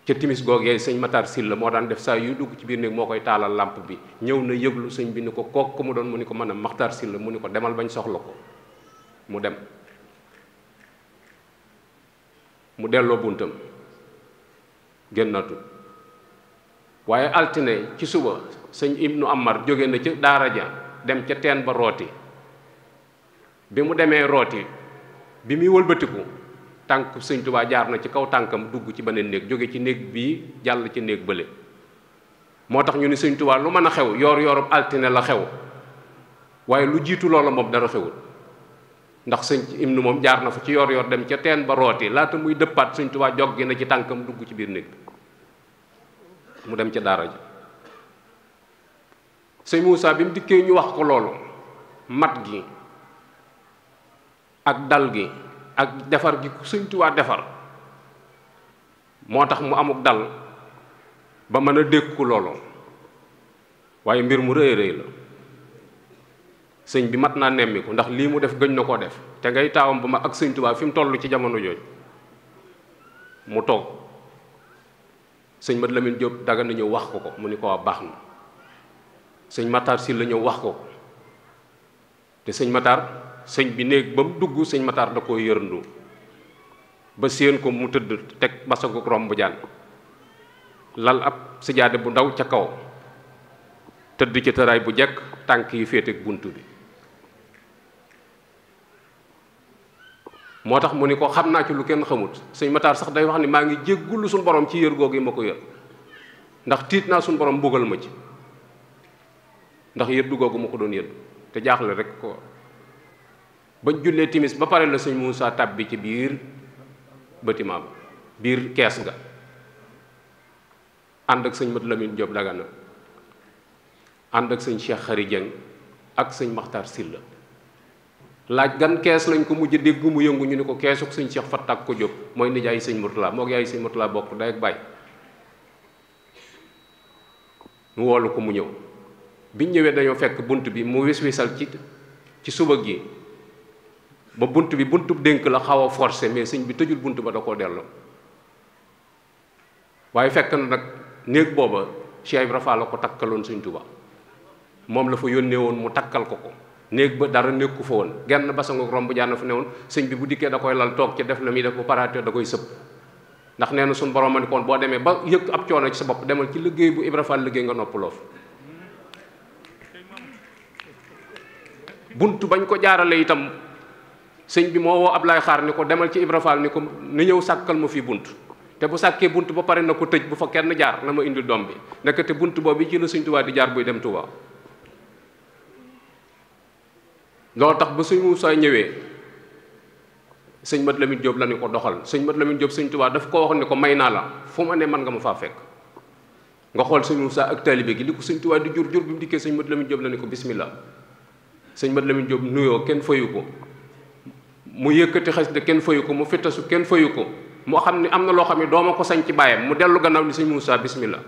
ca timis googee sëñ Matar Sylla moo daan def saa yuy dugg ci biir néeg moo koy taalal làmp bi ñëw na yëglu sëñ bi ni ko kook mu doon mu ni ko mën a Matar Sylla mu ni ko demal bañ soxla ko mu dem mu delloo buntam génnatul waaye altine ci suba sëñ ibnu amar jóge na ci daara ja dem ca teen ba rooti bi mu demee rooti bi muy wëlbatiku tànk sëñ tubaa jaar na ci kaw tànkam dugg ci beneen néeg jóge ci néeg bii jàll ci néeg bële moo tax ñu ni sëñ tubaa lu mën a xew yoor yoorub altine la xew waaye lu jiitu loola moom dara xewul ndax sëñ ibnu moom jaar na fa ci yoor yoor dem ca teen ba rooti laata muy dëppaat sëñ tubaa jog gi na ci tànkam dugg ci biir néeg bi mu dem ca daara ji sëñ Moussa bi mu dikkee ñu wax ko loolu mat gi ak dal gi ak defar gi ku sëñ Tuubaa defar moo tax mu amuk dal ba mën a dékku loolu waaye mbir mu rëy rëy la sëñ bi mat naa nemmiku ndax lii mu def gëñ na koo def te ngay taawam bu ma ak sëñ Tuubaa fi mu toll ci jamono jooju mu toog sëñ Mat Lamine Diop Dagana ñëw wax ko ko mu ni ko waa baax na sëñ Matar si la wax ko ko te sëñ Matar sëñ bi néeg ba mu dugg sëñ Matar da ko yërndu ba séen ko mu tëdd teg masagu romb jaan lal ab sijaade bu ndaw ca kaw tëdd ca tëraay bu jekk tànk yi féete bunt bi moo tax mu ni ko xam naa ci lu kenn xamut sëñ Matar sax day wax ni maa ngi jéggulu suñu borom ci yër googu yi ma ko yër ndax tiit naa suñ borom mbugal ma ci ndax yëddu googu ma ko doon yëddu te jaaxle rek ko bañ jullee timis ba pare la sëñ Moussa tab bi ci biir bâtiment biir kees nga ànd ak sëñ Mat Lamine Diop Dagana ànd ak sëñ Cheikh Khary Dieng ak sëñ Makhtar Sylla laaj gan kees lañ ko mujj dégg mu yëngu ñu ni ko keesuk sëñ Cheikh Fatak ko jóg mooy nijaay sëñ Murtala moo yaay sëñ Murtala bokk day ak bàyyi woolu ko mu ñëw biñ ñëwee dañoo fekk bunt bi mu wis wisal ci ci suba gi ba bunt bi bunt buntu dénk la xaw a forcé mais sëñ bi tëjul bunt ba da koo delloo waaye fekk na nag néeg booba Cheikh Ibra Fall la ko takkaloon sëñ Tuubaa moom la fa yónnee woon mu takkal ko ko néeg ba dara nekku fa woon genn basangu romb jaan fa ne woon sëñ bi bu dikkee da koy lal toog ci def la muy def bu paraatee da koy sëpp ndax nee na suñu borom ma koon boo demee ba yëg ab coono ci sa bopp demal ci liggéey bu Ibra Fall liggéey nga noppaloo fi bunt bañ ko jaarale itam sëñ bi moo woo Ablaay Xaar ni ko demal ci Ibra Fall ni ko ni ñëw sàkkal ma fii bunt te bu sàkkee bunt ba pare na ko tëj bu fa kenn jaar na ma indil doom bi nekk te bunt boobu ci la sëñ Tuubaa di jaar buy dem Tuubaa loolu tax ba sëñ Moussa ñëwee sëñ Mat Lamine Diop la ne ko doxal sëñ Mat Lamine Diop sëñ Tuubaa daf ko wax ne ko may naa la fu ma ne man nga ma faa fekk nga xool sëñ Moussa ak taalibe gi li ko sëñ Tuubaa di jur jur bi mu dikkee sëñ Mat Lamine Diop la ne ko bismillah sëñ nuyoo kenn fayu ko mu yëkkati xasida kenn fayu ko mu fittasu kenn fayu ko moo xam ne am na loo xam ne dooma ko sañ ci mu dellu gannaaw ni sëñ Moussa bismillah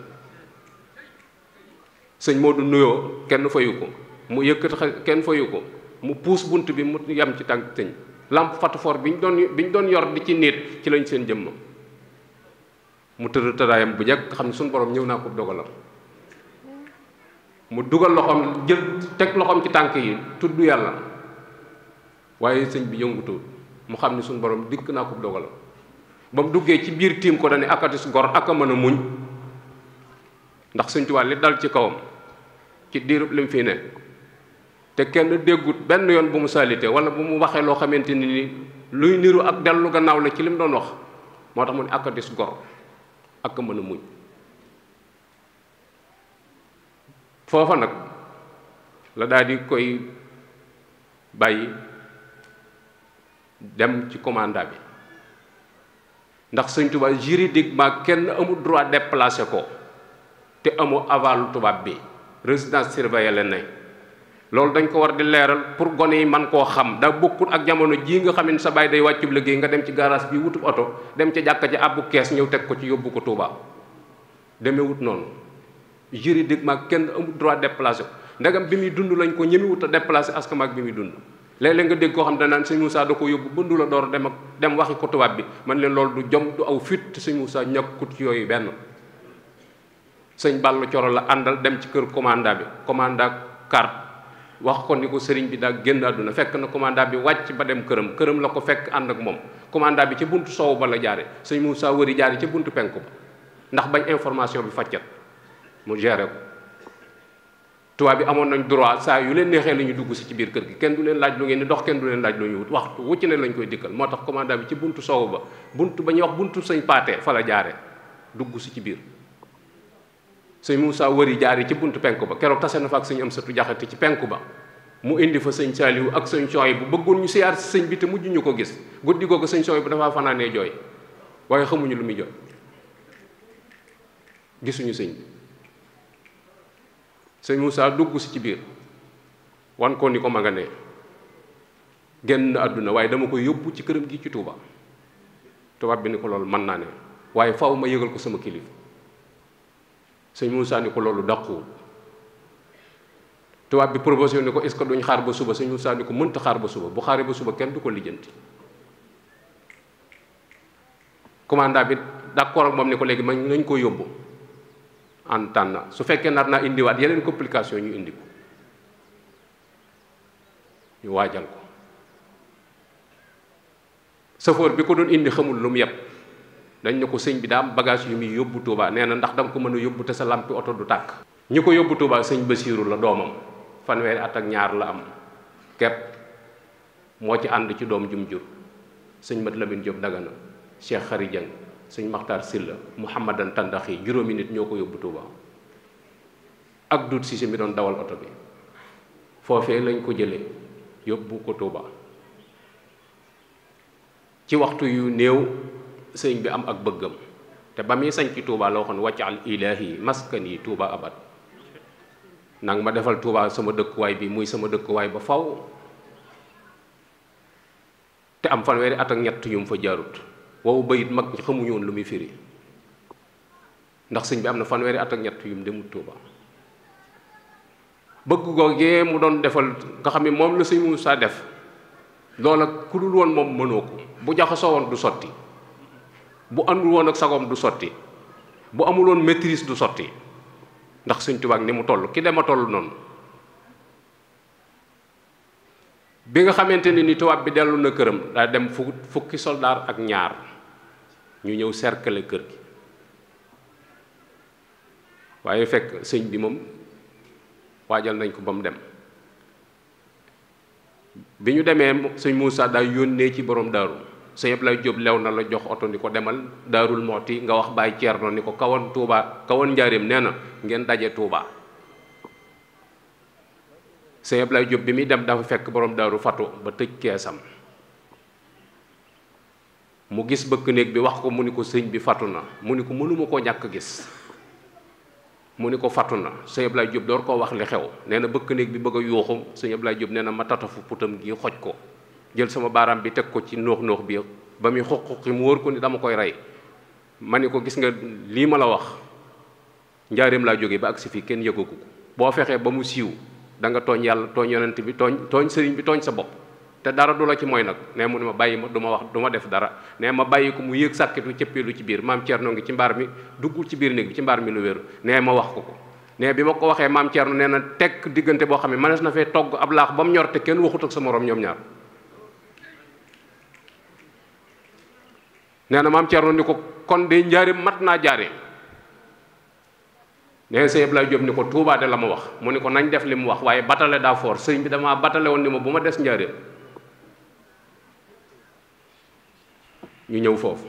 sëñ nuyoo kenn fayu ko mu yëkkati xas kenn fayu ko mu puus bunt bi mu yem ci tànk tëñ lampe fatafoor bi ñu doon bi ñu doon yor di ci niit ci lañ seen jëmmam mu tëdd tëddaayam bu njëkk xam ne suñu borom ñëw naa ko dogalam mu dugal loxoom jël teg loxoom ci tànk yi tudd yàlla waaye sëñ bi yëngutuwul mu xam ne suñu borom dikk naa ko dogalam ba mu duggee ci biir tiim ko dane akatis gor ak a mën a muñ ndax sëñ Tuubaa li dal ci kawam ci diirub li mu fii ne te kenn déggut benn yoon bu mu salité wala bu mu waxee loo xamante ni ni luy niru ak dellu gannaaw la ci li mu doon wax moo tax mu ne ak a gor ak mën a muñ foofa nag la daal koy bàyyi dem ci commanda bi ndax sëñ tubaab juridiquement kenn amul droit déplacé ko te amul avalu tubaab bi résidence surveillée leen ne loolu dañ ko war di leeral pour gone yi man koo xam da bokkul ak jamono jii nga xam ne sa baay day wàccub liggéey nga dem ci garage bi wutub oto dem ca jàkka ci àbbu kees ñëw teg ko ci yóbbu ko Touba wut noonu juridiquement kenn amul droit déplacé ko ndegam bi muy dund lañ ko ñemewut a déplacé askan maag bi muy dund léeg-léeg nga dégg koo xam danaan sëñ Moussa da ko yóbbu ba Ndula door dem ak dem waxi ko tubaab bi man leen loolu du jom du aw fit sëñ Moussa ñàkkut ci yooyu benn sëñ Balla Coro la àndal dem ci kër commanda bi commanda carte wax ko ni ko sëriñ bi daal génn àdduna fekk na commandant bi wàcc ba dem këram këram la ko fekk ànd ak moom commandant bi ci buntu soow ba la jaare sëñ Moussa wëri jaare ca buntu penku ba ndax bañ information bi faccat mu géré ko tubaab bi amoon nañ droit saa yu leen neexee la ñu dugg si ci biir kër gi kenn du leen laaj lu ngeen di dox kenn du leen laaj lu ñu wut waxtu wucc ne lañ koy dikkal moo tax commandant bi ci buntu soow ba buntu ba ñuy wax buntu sëñ paatee fa la jaare dugg si ci biir sëñ Moussa jaar jaari ci bunt penk ba keroog tase na fa ak sëñ Amsatu Jaxate ci penku ba mu indi fa sëñ Saaliwu ak sëñ Sooy bu bëggoon ñu siyaar si sëñ bi te mujj ñu ko gis guddi googu sëñ Sooy bu dafaa fanaanee jooy waaye xamuñu lu muy jooy gisuñu sëñ bi sëñ Moussa dugg si ci biir wan ko ni ko ma nga ne génn àdduna waaye dama koy yóbbu ci këram gi ci Touba tubaab bi ni ko loolu mën naa ne waaye faaw ma yëgal ko sama kilifa sëñ Moussa ni ko loolu dàquwul tubaab bi proposé ni ko est-ce que duñ xaar ba suba sëñ Moussa ni ko mënta xaar ba suba bu xaaree ba suba kenn du ko lijjanti commandant bi d'accord ak moom ni ko léegi man nañ ko yóbbu en tànn su fekkee nar naa indiwaat yeneen complication ñu indi ko ñu waajal ko safoor bi ko doon indi xamul lu mu yépp dañ ne ko sëñ bi daam bagage yu muy yóbbu Touba nee na ndax danga ko mën a yóbbu te sa lampi oto du tàkk ñi ko yóbbu Touba sëñ Basiiru la doomam fanweeri at ak ñaar la am kepp moo ci ànd ci doom jum jur sëñ Mat Lamin Jóob Dagana Cheikh Xari Jeng sëñ Maxtaar Silla Muhammadan Tandaxi juróomi nit ñoo ko yóbbu Touba ak dut si si mi doon dawal oto bi foofee lañ ko jële yóbbu ko Touba ci waxtu yu néew sëñ bi am ak bëggam te ba muy sañ ci Touba la waxoon wàcc al ilaahi yi Touba abad nanga ma defal tuubaa sama dëkkuwaay bi muy sama dëkkuwaay ba faw te am fanweeri at ak ñett yum fa jaarut wow bayit mag ñi xamuñu lu muy firi ndax sëñ bi am na fanweeri at ak ñett yu mu demut Touba bëgg googee mu doon defal nga xam ne moom la sëñ Moussa def loola ku dul woon moom mënoo bu jaxasoo woon du sotti bu andul woon ak sagoom du sotti bu amul woon maîtrise du sotti ndax Sëñ Tuubaa ni mu toll ki a tollu noonu bi nga xamante ne ni tubaab bi dellu na këram daa dem fu fukki soldaar ak ñaar ñu ñëw cercle kër gi waaye fekk sëñ bi moom waajal nañ ko ba mu dem bi ñu demee sëñ Moussa daa yónnee ci borom daaru sëñ lay Diop lew na la jox oto ni ko demal daarul mooti nga wax Baye Thierno ni ko kawoon Touba kawoon njaareem nee na ngeen daje Touba. sëñ Ablaye Diop bi muy dem dafa fekk boroom daaru fatu ba tëj keesam mu gis bëkk néeg bi wax ko mu ni ko sëñ bi fattu na mu ni ko mënuma koo ñàkk gis mu ni ko fatu na sëñ Ablaye Diop door koo wax li xew nee na bëkk néeg bi bëgg a yuuxu sëñ Ablaye Diop nee na ma tatafu putam gi xoj ko jël sama baaraam bi teg ko ci noox noox bi ba muy xoq-xoqi mu wóor ko ni dama koy rey ma ni ko gis nga lii ma la wax njaareem laa jóge ba agsi fii kenn yëgagu ko boo fexee ba mu siiw da nga tooñ yàlla tooñ yonent bi tooñ tooñ sëriñ bi tooñ sa bopp te dara du la ci mooy nag nee mu ne ma bàyyi ma du ma wax du ma def dara nee ma bàyyi ko mu yéeg sàkkitu cëppeelu ci biir maam Thierno ngi ci mbaar mi duggul ci biir néeg bi ci mbaar mi lu wéru nee ma wax ko ko bi ma ko waxee maam Thierno nee na tekk diggante boo xam ne mënees na fee togg ab laax ba mu ñor te kenn waxut sa morom ñoom ñaar nee na maam Thierno ni ko kon de njaareem mat naa jaaree nee na sëñ Abdoulaye ni ko Touba la ma wax mu ni ko nañ def li mu wax waaye batale daa foor sëñ bi damaa batale woon ni ma bu ma des njaareem ñu ñëw foofu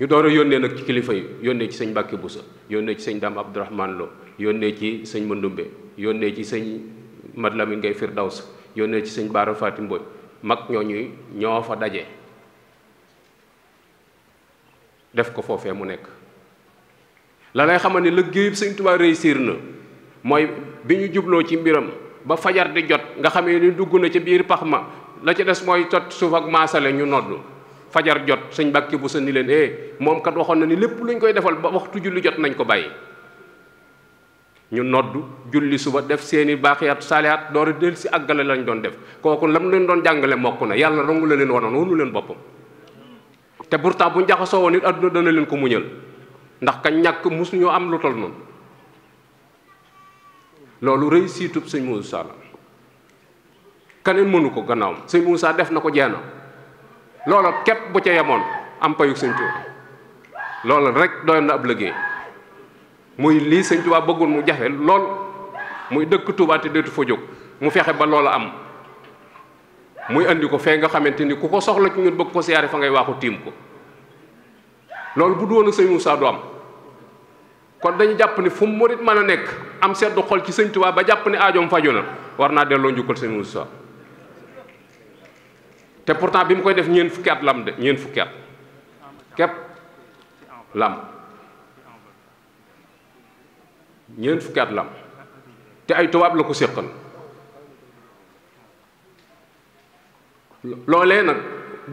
ñu door yónnee nag ci kilifa yi yónnee ci sëñ Mbàkke Busa yónnee ci sëñ Dame Abdourahmane Lo yónnee ci sëñ Mandumbe yónnee ci sëñ mat Madlamin Ngay Firdaws yónnee ci sëñ Baara Fatim Mboy mag ñooñu ñoo fa daje def ko foofee mu nekk la lay xamal ne liggéeyub Sëñ Tuubaa réussir na mooy bi ñu jubloo ci mbiram ba fajar di jot nga xamee ni dugg na ca biir pax ma la ca des mooy tot suuf ak maasale ñu noddu fajar jot sëñ Mbàkke bu sa ni leen eh moom kat waxoon na ni lépp lu koy defal ba waxtu julli jot nañ ko bàyyi ñu noddu julli suba def seeni baaxiyaat saalihaat door a del si àggale lañ doon def kooku lam leen doon jàngale mokk na yàlla rongu la leen wanoon wonu leen boppam te pourtant bu njaxasoo woon it adduna dana leen ko muñal ndax kañ ñàkk mosuñoo am lu tol noonu loolu réussite tub sëñ Moussa la mënu ko gannaawam sëñ Moussa def na ko jeena loola képp bu ca yemoon am payug sëñ Tuubaa loola rek doyoon na ab liggéey muy lii sëñ Tuubaa bëggoon mu jafe lool muy dëkk Tuubaa te deetu fa jóg mu fexe ba loola am muy andi ko fee nga xamante ni ku ko soxla ci ñun bëgg ko siyaare fa ngay ko tiim ko loolu bu doon sëñ Moussa du am kon dañu jàpp ni fu mu murit mën a nekk am seddu xol ci sëñ Tuubaa ba jàpp ni aajoom faju na war naa delloo njukkal sëñ Moussa te pourtant bi mu koy def ñeen fukki at lam de ñeen fukki at képp lam ñeen fukki at lam te ay tubaab la ko séqal loolee nag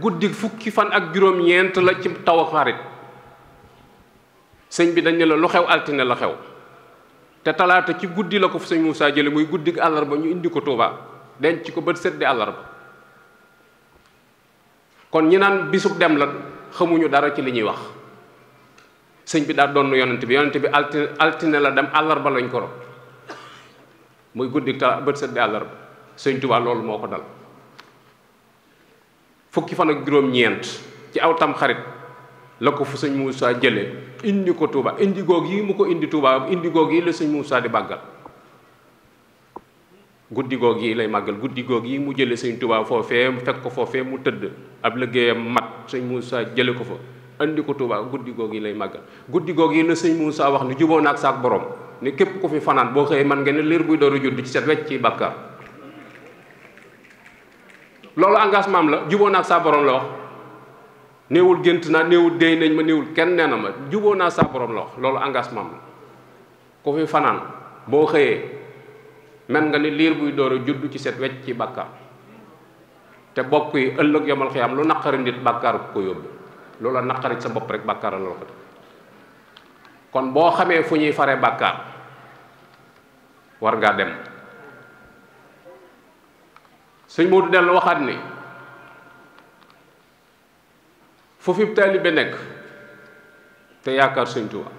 guddi fukki fan ak juróom-ñeent la ci taw ak sëñ bi dañ ne la lu xew altine la xew te talaata ci guddi la ko sëñ Moussa jële muy guddi àllarba ñu indi ko Touba denc ko bët set di àllarba kon ñi naan bisub dem la xamuñu dara ci li ñuy wax sëñ bi daa doon yonent bi yonent bi altine altine la dem ba lañ ko rob muy guddi ta bët set di àllarba sëñ Touba loolu moo ko dal fukki fan ak juróom-ñeent ci aw tam xarit la ko fu sëñ Moussa jëlee indi ko Touba indi goog yi mu ko indi Touba indi goog yi la sëñ Moussa di màggal guddi goog yi lay màggal guddi goog yi mu jëlee sëñ Touba foofee mu fekk ko foofee mu tëdd ab liggéeyam mat sëñ Moussa jële ko fa indi ko Touba guddi goog yi lay màggal guddi goog yi la sëñ Moussa wax ni juboo na ak saak borom ne képp ku fi fanaan boo xëyee man nga ne liir buy dooru judd ci set wecc ci bàkkaar loolu engagement la juboo nag ak saa borom la wax néewul gént naa néewul déy nañ ma néewul kenn nee na ma juboo naa saa borom la wax loolu engagement am la ku fi fanaan boo xëyee mel nga ni liir buy door a judd ci set wecc ci bàkkaar te bokk yi ëllëg yomal xiyaam lu naqari nit bàkkaar ko yóbbu loola naqari sa bopp rek bàkkaara la ko kon boo xamee fu ñuy fare bàkkaar war ngaa dem sëñ Moodu dellu waxaat ni fu fi taalibe nekk te yaakaar sëñ Tuuba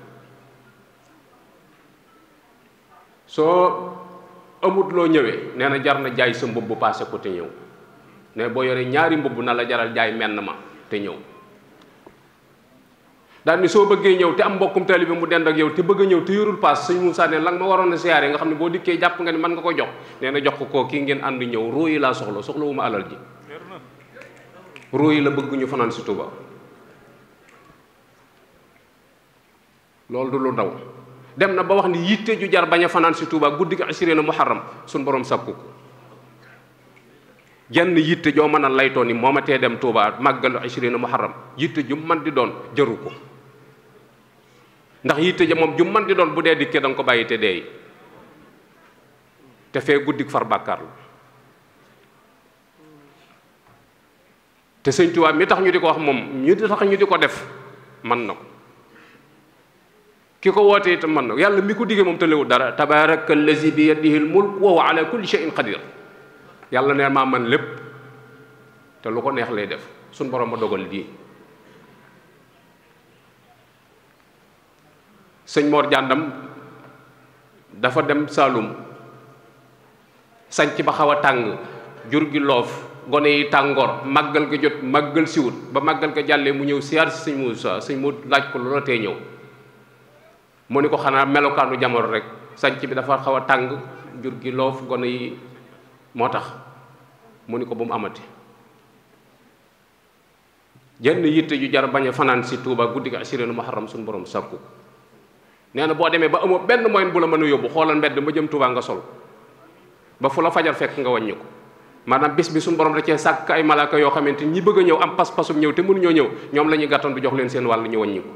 soo amut loo ñëwee nee na jar na jaay sa mbubb bu paase ko te ñëw ne boo yoree ñaari mbubb na la jaral jaay menn ma te ñëw daal ni soo bëggee ñëw te am mbokkum taalibe mu dend ak yow te bëgg a ñëw te yorul paas sëñ Moussa ne la nga ma waroon a siyaare nga xam ne boo dikkee jàpp nga ni mën nga ko jox nee jox ko koo kii ngeen ànd ñëw ruu yi laa soxla soxla wu ma alal ji ruu la bëgguñu ñu fanaan si Tuuba loolu du lu ndaw dem na ba wax ni yitte ju jar bañ a fanaan si Tuuba guddi gi asirina muharram suñ borom sakku ko jenn yitte joo mën a laytoo ni moo ma tee dem Tuuba màggalu asirina muharram yitte ju man di doon jëru ko ndax yitte ja moom ju mën di doon bu dee dikkee da nga ko bàyyi te deey te fee guddik far bàkkaar la te sëñ Tuubaa mi tax ñu di ko wax moom ñu tax ñu di ko def mën na ko ki ko wootee te mën na ko yàlla mi ko diggee moom tëlewul dara tabaraka allazi bi yadihi almulk wa huwa ala kulli shay'in yàlla nee maa man lépp te lu ko neex lay def suñ borom ma dogal lii sëñ Mor Jàndam dafa dem Saalum sanc ba xaw a tàng jur gi loof gone yi tàngoor màggal ga jot màggal siwut ba màggal ga jàllee mu ñëw siyaar si sëñ Muusa sëñ mu laaj ko loola tee ñëw mu ni ko xanaa melokaanu jamono rek sanc bi dafa xaw a tàng jur gi loof gone yi moo tax mu ni ko bu mu amati jenn yitte ju jar bañ a fanaan si Tuuba guddi gi asirinu muharram suñu borom sàkku nee na boo demee ba amoo benn moyen bu la mën a yóbbu xoolal mbedd ba jëm Tuubaa nga sol ba fu la fajar fekk nga wàññi ko maanaam bis bi suñu borom da cee sàkk ay malaaka yoo xamante ñi bëgg a ñëw am pas-pasum ñëw te mënuñoo ñëw ñoom la ñuy gàttandu jox leen seen wàll ñu wàññi ko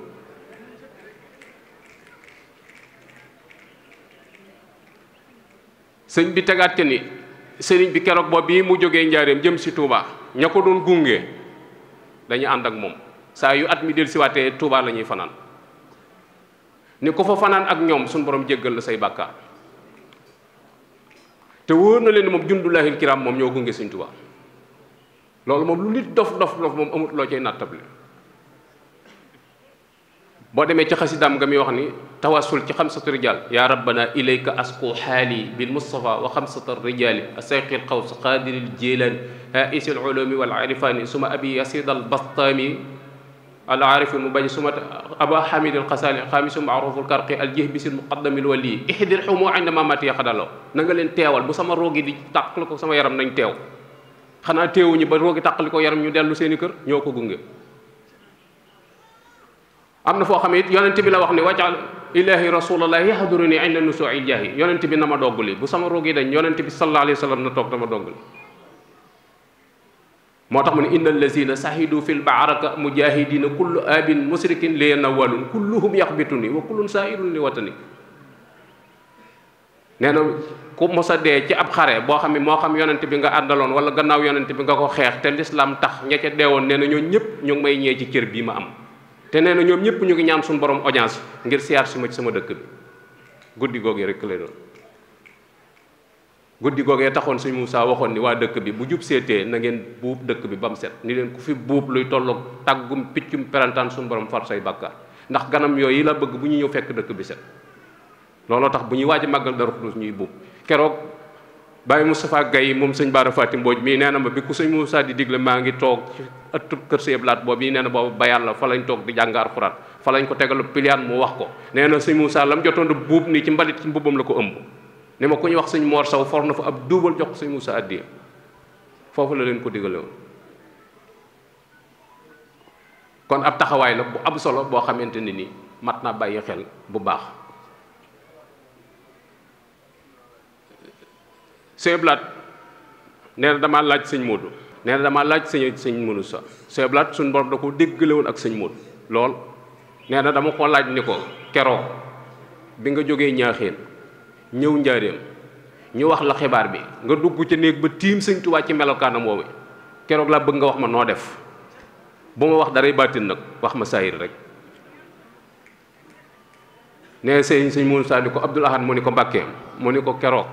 sëñ bi tegaat ni sëriñ bi keroog boobu bii mu jógee njaareem jëm si Touba ña ko doon gunge dañu ànd ak moom saa yu at mi dellusiwaatee Touba la ñuy fanaan ni ko fa fanaan ak ñoom suñu borom jéggal la say bàkkaar te wóor na leen moom jundulaahil kiram moom ñoo gunge Sëñ Tuubaa loolu moom lu nit dof dof dof moom amut loo cay demee ci xasidaam nga muy wax ni tawassul ci xamsatu rijal yaa rabbana ilayka asku xaali bil mustafa wa xamsata rijali asayqil xaws qadiril jilani haisil ulumi wal arifani suma abi yasid al alaarifi mu bañ sumat aba hamid al xasali xaamisum aroful karqi al jih bisil muqaddamil wali ihdir xumoo indama matiya xadaloo na nga leen teewal bu sama roogi di tàqali ko sama yaram nañ teew xanaa teewuñu ba roogi tàqali ko yaram ñu dellu seeni kër ñoo ko gunge am na foo xam ne it yonent bi la wax ne wajal ilahi rasulallah yahduruni inda nusuil jaahi yonent bi na ma dogguli bu sama yi dañ yonent bi sallallahu alayhi wa sallam na dama dogguli moo tax mu ne inna allazina sahidu fi lbaaraka mujahidina kullu abin musrikin li nawalun kulluhum yaxbituni wa kullun sairun li watani nee na ku mos dee ci ab xare boo xam ne moo xam yonent bi nga àndaloon wala gannaaw yonent bi nga ko xeex te lislaam tax ña ca deewoon nee ñoom ñëpp ñu ngi may ñee ci cër bii ma am te nee na ñoom ñëpp ñu ngi ñaan suñu borom audience ngir siyaar si ma ci sama dëkk bi guddi googu rek lay doon guddi googee taxoon suñ Moussa waxoon ni waa dëkk bi bu jub seetee na ngeen buub dëkk bi ba mu set ni leen ku fi buub luy tolloog tàggum piccum perantaan suñu borom far say bàkkaar ndax ganam yooyu la bëgg bu ñu ñëw fekk dëkk bi set looloo tax bu ñuy waaj a màggal Daaru Xudoos ñuy buub keroog mu Baye Moustapha yi moom sëñ Baara Faati Mbooj mii nee na ma bi ku sëñ Moussa di digle maa ngi toog ci ëttu kër Sëñ laat boobu yi nee na boobu ba la fa lañ toog di jàng Alxuraan fa lañ ko tegalu piliyaan mu wax ko nee na sëñ Moussa lam jotoon buub nii ci mbalit ci la ko ëmb ni ma ku ñu wax sëñ moor Sow for na ab duubal jox ko sëñ Moussa addiya foofu la leen ko digale kon ab taxawaay la bu am solo boo xamante ne ni mat naa bàyyi xel bu baax sëñ Blaat nee na damaa laaj sëñ Modou nee na damaa laaj sëñ sëñ Modou sa sëñ Blaat suñ borom da ko déggale ak sëñ Modou lool nee na dama ko laaj ni ko keroo bi nga jógee ñaaxeen ñëw njaareem ñu wax la xibaar bi nga dugg ca néeg ba tiim sëñ Tuubaa ci melokaanam woowu keroog laa bëgg nga wax ma noo def bu ma wax daray baatin nag wax ma saayir rek ne sëñ sëñ Moussa ni ko Abdul Ahad mu ni ko Mbàkke mu ni ko keroog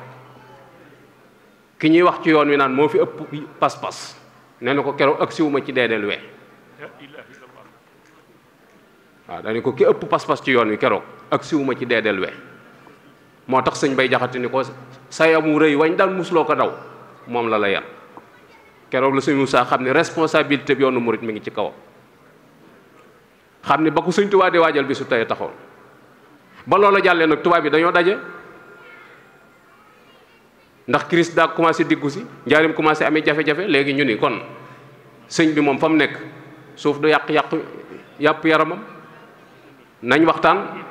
ki ñuy wax ci yoon wi naan moo fi ëpp pas-pas nee na ko keroog ak siwuma ci deedeel we waa dañu ko ki ëpp pas-pas ci yoon wi keroog ak siwuma ci deedeel we moo tax sëñ bay jaxati ni ko say amu rëy wañ daan musuloo ko daw moom la la yar keroog la sëñ Moussa xam ne responsabilité bi yoonu murit mu ngi ci kawam xam ne ba ko sëñ Tuubaa di waajal bi su tey taxoon ba loola jàllee nag tubaab bi dañoo daje ndax crise daa commencé diggu si njaarim commencé amee jafe-jafe léegi ñu ni kon sëñ bi moom fa mu nekk suuf du yàq yàq yàpp yaramam nañ waxtaan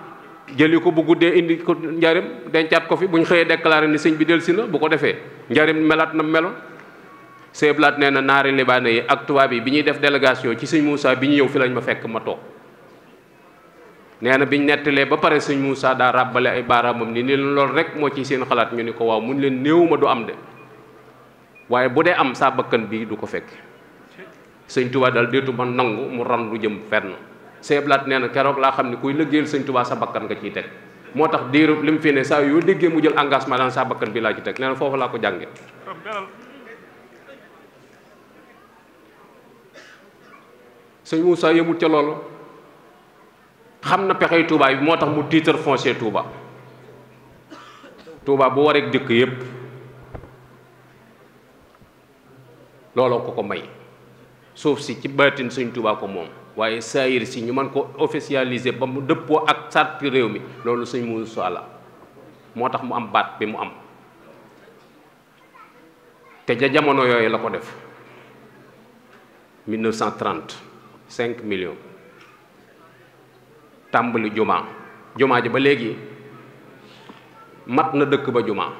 jëli ko bu guddee indi ko njarim dencaat ko fi bu ñu xëyee déclaré ni sëñ bi delsi na bu ko defee njariñ melaat na melo seeblaat nee na naari libaane yi ak tubaab yi bi ñuy def délégation ci sëñ Moussa bi ñu ñëw fi lañ ma fekk ma toog nee na biñ nettalee ba pare sëñ Moussa daa ràbbale ay baaraamam ni ni loolu rek moo ci seen xalaat ñu ni ko waaw mun leen néewuma du am de waaye bu dee am saa bakkan bii du ko fekk sëñ Tuubaa dal déetu ma nangu mu randu jëm fenn seeblaat nee na keroog laa xam ne kuy liggéeyal sëñ Tuubaa sa bakkan nga ciy teg moo tax diirub li fii ne saa yoo déggee mu jël engagement daan sa bakkan bi laa ci teg nee na laa ko jànge sëñ Moussa yëmut ca loolu xam na pexey Touba bi moo tax mu titre foncier tuuba Touba bu waree dëkk yépp looloo ko ko may suuf si ci baatin sëñ Touba ko moom waaye saayir si ñu man ko officialiser ba mu dëppoo ak sart réew mi loolu sëñ Moussa la moo tax mu am baat bi mu am te ja jamono yooyu la ko def 1930 5 millions tàmbali jumaa jumaa ji ba léegi mat na dëkk ba jumaa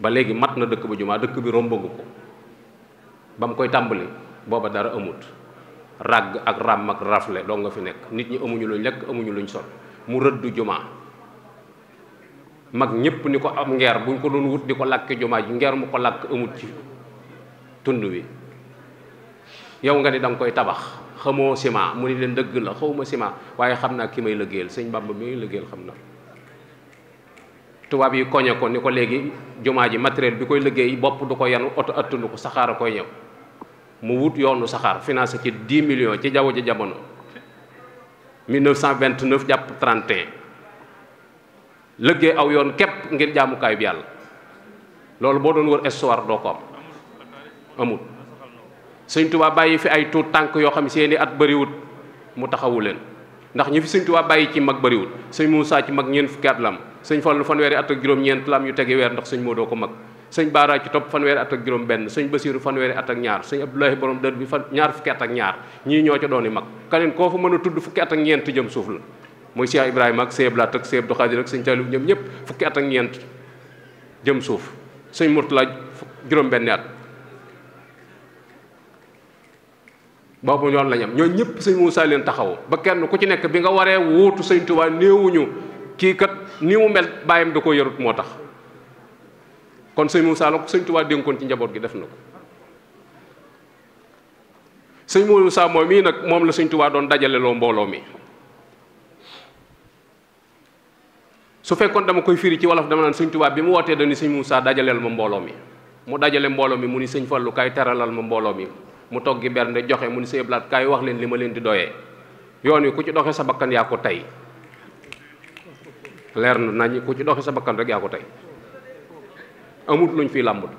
ba léegi mat na dëkk ba jumaa dëkk bi rombagu ko ba mu koy tàmbali booba dara amut ràgg ak ràmm ak rafle doo nga fi nekk nit ñi amuñu luñ lekk amuñu luñ sol mu rëdd jumaa mag ñépp ni ko am ngeer buñ ko doon wut di ko làkki jumaa ji ngeer mu ko làkk amut ci tund wi yow nga ni da koy tabax xamoo ciment mu ni leen dëgg la xawma ciment waaye xam naa ki may liggéeyal sëñ Bàmba mi liggéeyal xam na tubaab yi koñe ko ni ko léegi jumaa ji matériel bi koy liggéey bopp du ko yanu oto attunu ko saxaar a koy ñëw mu wut yoonu saxaar financé ci 10 millions ci jaww ji jamono vingt 1929 jàpp 31 lëggee aw yoon képp ngir jaamukaay bi yàlla loolu boo doon wër histoire doo ko am amul sëñ Tuubaa fi ay tuut tànk yoo xam seeni at bariwut mu taxawu leen ndax ñi fi sëñ Tuubaa bàyyi ci mag bëriwut sëñ Muusaa ci mag ñeent fukki at la am sëñ Fallu fanweeri at ak juróom-ñeent la am yu tege ndox ndax sëñ Modou ko mag sëñ Baara ci topp fanweeri at ak juróom-benn sëñ Basiiru fanweeri at ak ñaar sañ Abdoulahi borom dër bi fan ñaar fukki at ak ñaar ñii ñoo ca doon i mag kaneen koo fa mën a tudd fukki at ak ñeent jëm suuf la mooy si Ibrahima ak sëñ Abdou Lahat ak sëñ Abdou Khadir ak sëñ Taalib ñoom ñëpp fukki at ak ñeent jëm suuf sëñ Murtala juróom-benn at boobu ñoon lañ am ñooñu ñëpp sëñ Moussa leen taxaw ba kenn ku ci nekk bi nga waree wuutu sëñ Tuubaa néewuñu kii kat ni mu mel bàyyam da ko yarut moo tax kon sëñ Moussa la ko sëñ Tuubaa dénkoon ci njaboot gi def na sëñ Moussa mooy mii nag moom la sëñ Tuubaa doon dajale mbooloo mi su fekkoon dama koy firi ci wolof dama naan sëñ Tuubaa bi mu wootee dani sëñ Moussa dajaleel ma mbooloo mi mu dajale mbooloo mi mu ni sëñ Fallu kaay teralal ma mbooloo mi mu toggi bernde joxe mu ni sëñ Blaat kaay wax leen li ma leen di doyee yoon wi ku ci doxee sa bakkan yaa ko tey leer na nañ ku ci doxee sa bakkan rek yaa tey amut luñ fiy làmbut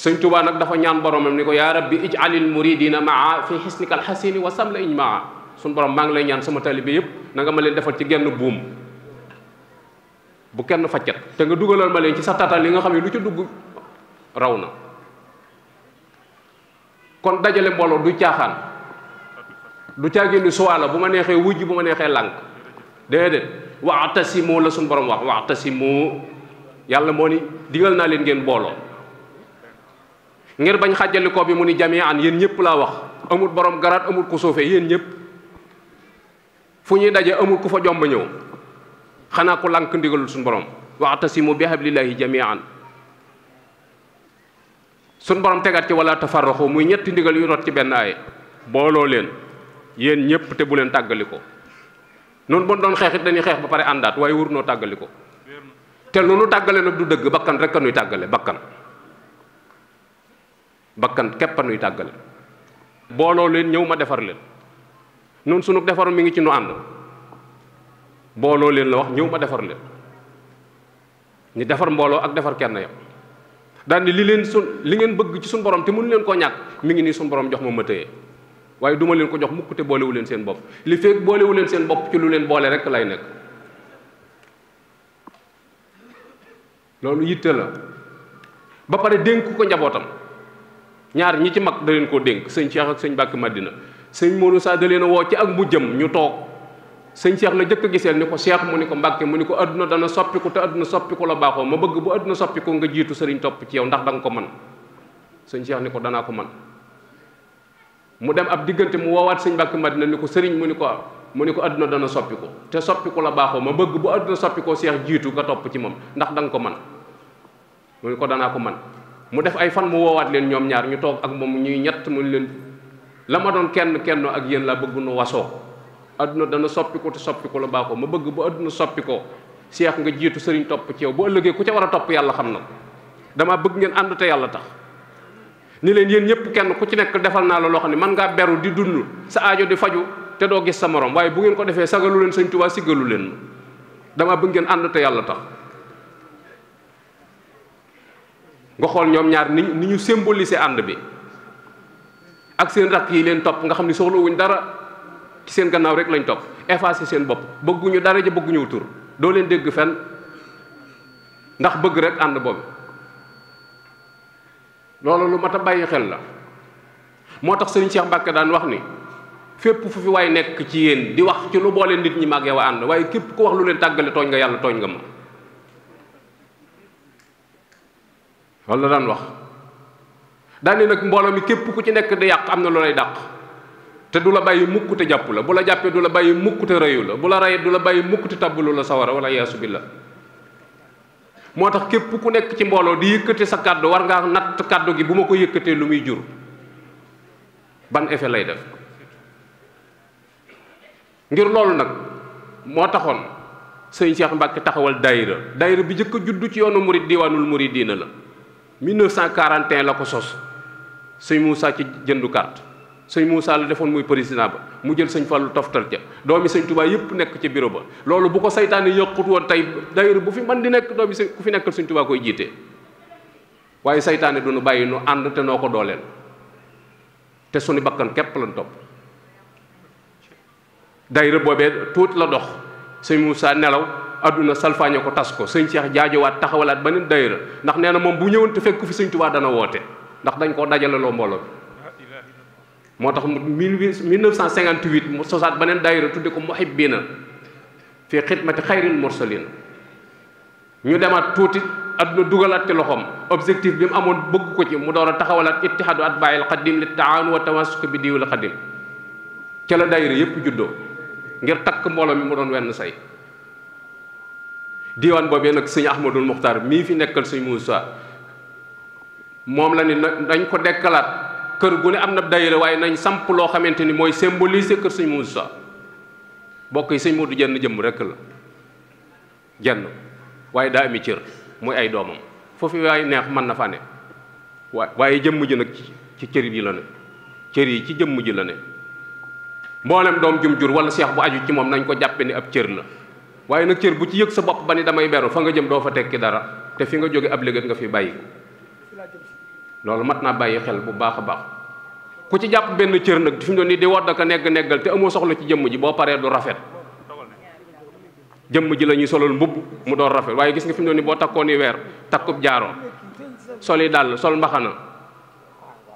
sëñ tubaa nag dafa ñaan boromam ni ko yaa rabbi ij'alil muridina maa fi xisnika alxasini wa samla ijmaa suñ borom maa ngi lay ñaan sama talibe yépp na nga ma leen defal ci genn buum bu kenn faccat te nga dugalal ma leen ci sa tatal li nga xam ne lu ca dugg raw na kon dajale mbooloo du caaxaan du caagénni suwaala bu ma neexee wujj bu ma neexee lànk déedéet wa'tasimu la suñ borom wax wa'tasimu yàlla moo ni digal naa leen ngeen booloo ngir bañ xàjjalikoo bi mu ni an yéen ñëpp laa wax amul boroom garaat amul ku suufee yéen ñëpp fu ñuy daje amul ku fa jomb ñëw xanaa ku lànk ndigalul suñu borom wa'tasimu bi hablillahi jami'an suñu borom tegaat ci wala tafarraxu muy ñetti ndigal yu rot ci benn ay booloo leen yéen ñëpp te bu leen tàggalikoo noonu bon doon xeex it dañuy xeex ba pare àndaat waaye wur noo tàggali ko te lu nu tàggale nag du dëgg bakkan rek a nuy tàggale bakkan bakkan képp a nuy tàggale booloo leen ñëw ma defar leen noonu sunu defar mi ngi ci nu ànd booloo leen la wax ñëw ma defar leen ñu defar mbooloo ak defar kenn yam daal ni li leen sun li ngeen bëgg ci suñu borom te mënu leen koo ñàkk mu ngi nii suñu borom jox ma ma tëye waaye duma leen ko jox mukk te boolewu leen seen bopp li fekk boolewu leen seen bopp ci lu leen boole rek lay nekk loolu yitte la ba pare dénk ko njabootam ñaar ñi ci mag da leen koo dénk sëñ Cheikh ak sëñ Bàkk Madina sëñ Modou Sa da leen a woo ci ak mu jëm ñu toog sëñ Cheikh la jëkk giseel ni ko Cheikh mu ni ko Mbàkke mu ni ko adduna dana soppiku te adduna soppiku la baaxoo ma bëgg bu adduna soppiku nga jiitu sëriñ topp ci yow ndax danga ko man sëñ Cheikh ni ko danaa ko man mu dem ab diggante mu woowaat sëñ Mbàkke Madina ni ko sëriñ mu ni ko mu ni ko àdduna dana soppiku te soppiku la baaxoo ma bëgg bu adduna soppikoo seex jiitu nga topp ci moom ndax da ko man mu ni ko danaa ko man mu def ay fan mu woowaat leen ñoom ñaar ñu toog ak moom ñuy ñett mu ni leen la ma doon kenn kenn ak yéen laa bëgg nu wasoo adduna dana soppiku te la baaxoo ma bëgg bu adduna soppikoo seex nga jiitu sëriñ topp ci yow bu ëllëgee ku ca war a topp yàlla xam na dama bëgg ngeen ànd te yàlla tax ni leen yéen ñëpp kenn ku ci nekk defal naa la loo xam ne mën ngaa beru di dund sa ajo di faju te doo gis sa moroom waaye bu ngeen ko defee sagalu leen sëñ Tuubaa siggalu leen dama bëgg ngeen ànd te yàlla tax nga xool ñoom ñaar ni ni ñu symboliser ànd bi ak seen rakk yi leen topp nga xam ne soxlawuñ dara ci seen gannaaw rek lañ topp effacer seen bopp bëgguñu dara ja bëgguñu tur doo leen dégg fenn ndax bëgg rek ànd boobu loolu lu mat a bàyyi xel la moo tax sëriñ Cheikh Mbacke daan wax ni fépp fu fi waay nekk ci yéen di wax ci lu boole nit ñi mag yow a ànd waaye képp ku wax lu leen tàggale tooñ nga yàlla tooñ nga ma loolu la daan wax daane nag mbooloo mi képp ku ci nekk di yàq am na lu lay dàq te du la bàyyi mukk te jàpp la bu la jàppee du la bàyyi mukk te rëyu la bu la rayee du la bàyyi mukk te tàbbalu la sawara wala yaasu la moo tax képp ku nekk ci mbooloo di yëkkate sa kàddu war ngaa natt kàddu gi bu ma ko yëkkatee lu muy jur ban effet lay def ngir loolu nag moo taxoon sëñ Cheikh Mbacke taxawal daayira dayre bi njëkk juddu ci yoonu murid diwaanul murid diina la 1941 la ko sos sëñ Moussa ci jëndu carte sëñ muusa la defoon muy président ba mu jël sëñ Fallou toftal ca doomi sëñ Touba yëpp nekk ci bureau ba loolu bu ko seytaanee yëqut woon tey d'ailleurs bu fi man di nekk doomi ku fi nekkal sëñ Touba koy jiite waaye saytaane du nu bàyyi nu ànd te noo ko dooleel te suñu bakkan képp lañ topp daayira boobee tuut la dox sëñ Moussa nelaw adduna salfaañe ko tas ko sëñ Cheikh jaajowaat taxawalaat beneen daayira ndax nee na moom bu ñëwante fekk ku fi sëñ Touba dana woote ndax dañ koo dajalaloo mbooloo moo tax mu 1958 mu sosaat beneen daayira tudde ko muhibbina fi xidmati xayril mursalin ñu demaat tuuti adduna dugalaat ci loxoom objectif bi mu amoon bëgg ko ci mu door a taxawalaat ittihaadu atbaayil xadim li taawun wa tawasuk bi diwil xadim ca la daayira yépp juddoo ngir takk mbooloo mi mu doon wenn say diiwaan boobee nag sëñ ahmadul muxtaar mii fi nekkal sëñ Muusaa moom la ni dañ ko dekkalaat kër gu ne am na daayira waaye nañ samp loo xamante ni mooy symboliser kër sëñ Moussa bokk yi sëñ Modou jenn jëmm rekk la jenn waaye daa ami cër ay doomam foofu waaye neex mën na fa ne waaye jëmm ji nag ci cër yi la ne yi ci jëmm ji la ne mboolem doom jum jur wala seex bu aju ci moom nañ ko jàppe ni ab cër la waaye nag cër bu ci yëg sa bopp ba ni damay beru fa nga jëm doo fa tekki dara te fi nga jóge ab légat nga fi bàyyi loolu mat naa bàyyi xel bu baax a baax ku ci jàpp benn cër nag fi doon nii di war a negg neggal te amoo soxla ci jëmm ji boo paree du rafet jëmm ji la ñuy solal mbubb mu doon rafet waaye gis nga fi mu doon boo takkoon ni weer takkub jaaroo sol yi dàll sol mbaxana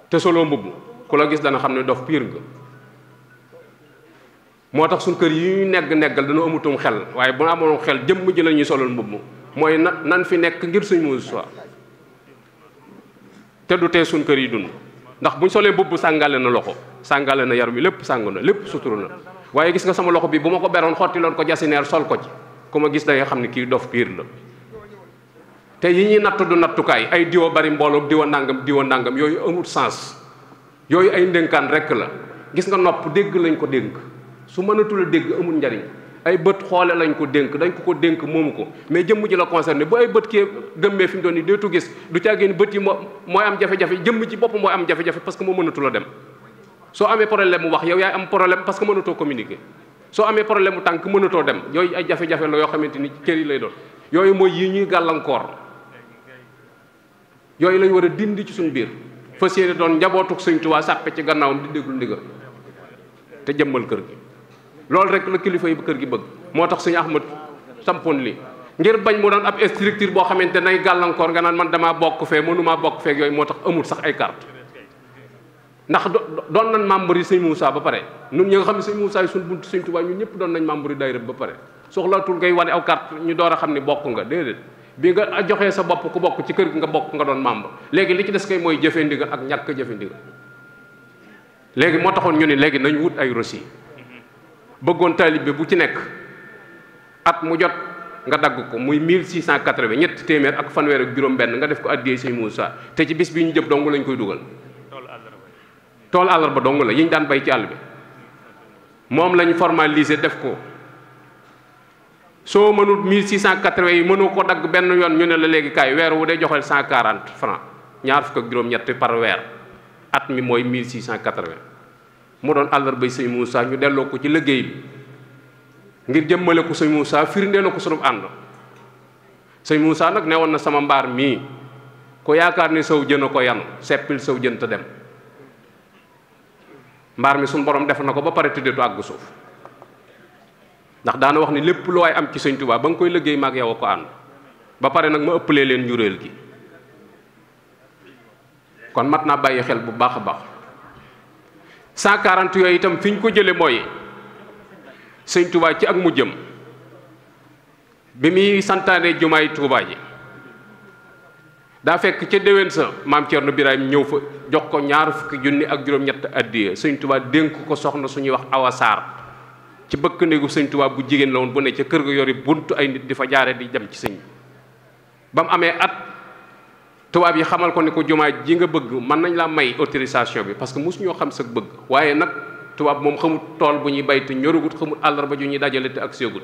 te soloo mbubb ku la gis dana xam ne dof piir nga moo tax suñ kër yi ñu negg neggal dana amutum xel waaye bu amoon xel jëmm ji la ñuy solal mbubb mooy na nan fi nekk ngir suñ muus te du tee suñ kër yi dund ndax bu solee mbubb sàngale na loxo sàngale na yar mi lépp sàng na lépp suturu na waaye gis nga sama loxo bi bu ma ko beroon xotti ko jasineer sol ko ci ku ma gis da nga xam ne kii dof piir la te yi ñuy natt du nattukaay ay diwa bari mbooloo diwa nangam diwa nangam yooyu amul sens yooyu ay ndénkaan rekk la gis nga nopp dégg lañ ko dégg su mënatul a dégg amul njariñ ay bët xoole lañ ko dénk dañ ko ko dénk moomu ko mais jëmm ji la concerné bu ay bët kee gëmmee fi mu doon nii dootu gis du caagin bët yi moo mooy am jafe-jafe jëmm ci bopp mooy am jafe-jafe parce que moo mënatu dem soo amee problème mu wax yow yaay am problème parce que mënatoo communiquer soo amee problème mu tànk mënatoo dem yooyu ay jafe-jafe la yoo xamante ni cër yi lay doon yooyu mooy yi ñuy gàllankoor yooyu lañu war a dindi ci suñu biir fas yéene doon njabootuk Sëñ Tuubaa sàppe ci gannaawam di déglu ndigal te jëmmal kër gi loolu rek la kilifa yi kër gi bëgg moo tax suñu Ahmad sampoon lii ngir bañ mu doon ab structure boo xamante nay gàllankoor nga naan man damaa bokk fee mënumaa bokk feeg yooyu moo tax amul sax ay carte ndax doon nañ membre yi sëñ Moussa ba pare nun ñu nga xam ne sëñ Moussa yi suñ buntu sëñ Tuubaa ñun ñëpp doon nañ membre yi daayira ba pare soxlaatul ngay wane aw carte ñu door a xam ne bokk nga déedéet bi nga joxee sa bopp ku bokk ci kër gi nga bokk nga doon membre léegi li ci des kay mooy jëfe ndigal ak ñàkk jëfe ndigal léegi moo taxoon ñu ne léegi nañ wut ay reçu bëggoon taalibe bu ci nekk at mu jot nga dagg ko muy 1680 ñetti téeméer ak fanweer ak juróom-benn nga def ko addiyee sëñ Moussa te ci bis bi ñu jëm dong lañ koy dugal. tool àllarba dong la yi ñu daan bay ci àll bi moom lañ formalisé def ko soo mënul 1680 yi mënoo ko dagg benn yoon ñu ne la léegi kaay weer wu dee cent 140 francs ñaar fukk ak juróom-ñett par weer at mi mooy 1680. mu doon àllarbay sëñ Moussa ñu delloo ko ci liggéey bi ngir jëmmale ko sëñ Moussa na ko sunub ànd sëñ Moussa nag ne woon na sama mbaar mii ku yaakaar ni saw jën a ko yan seppil saw jën te dem mbaar mi suñu borom def na ko ba pare tëddeetu àgg suuf ndax daana wax ni lépp loo waay am ci sëñ Tuubaa ba nga koy liggéey maag yow a ko ànd ba pare nag ma ëppalee leen njuréel gi kon mat naa bàyyi xel bu baax a baax cent quarante yooyu itam fi ñu ko jële mooy sëñ Touba ci ak mu jëm bi muy santaane jumaay Touba ji daa fekk ca déwén sa maam Thierno Birahim ñëw fa jox ko ñaar fukki junni ak juróom-ñett addiye sëñ Touba dénk ko soxna suñuy wax Awa ci bëkk néegu sëñ Touba bu jigéen la woon bu ne ca kër ga yori bunt ay nit di fa jaare di dem ci sëñ ba mu amee at tubaab yi xamal ko ne ko jumaa ji nga bëgg mën nañ laa may autorisation bi parce que mosu ñoo xam sa bëgg waaye nag tubaab moom xamul tool bu ñuy bay te ñorugut xamul àllarba ju ñuy dajale te ak séegut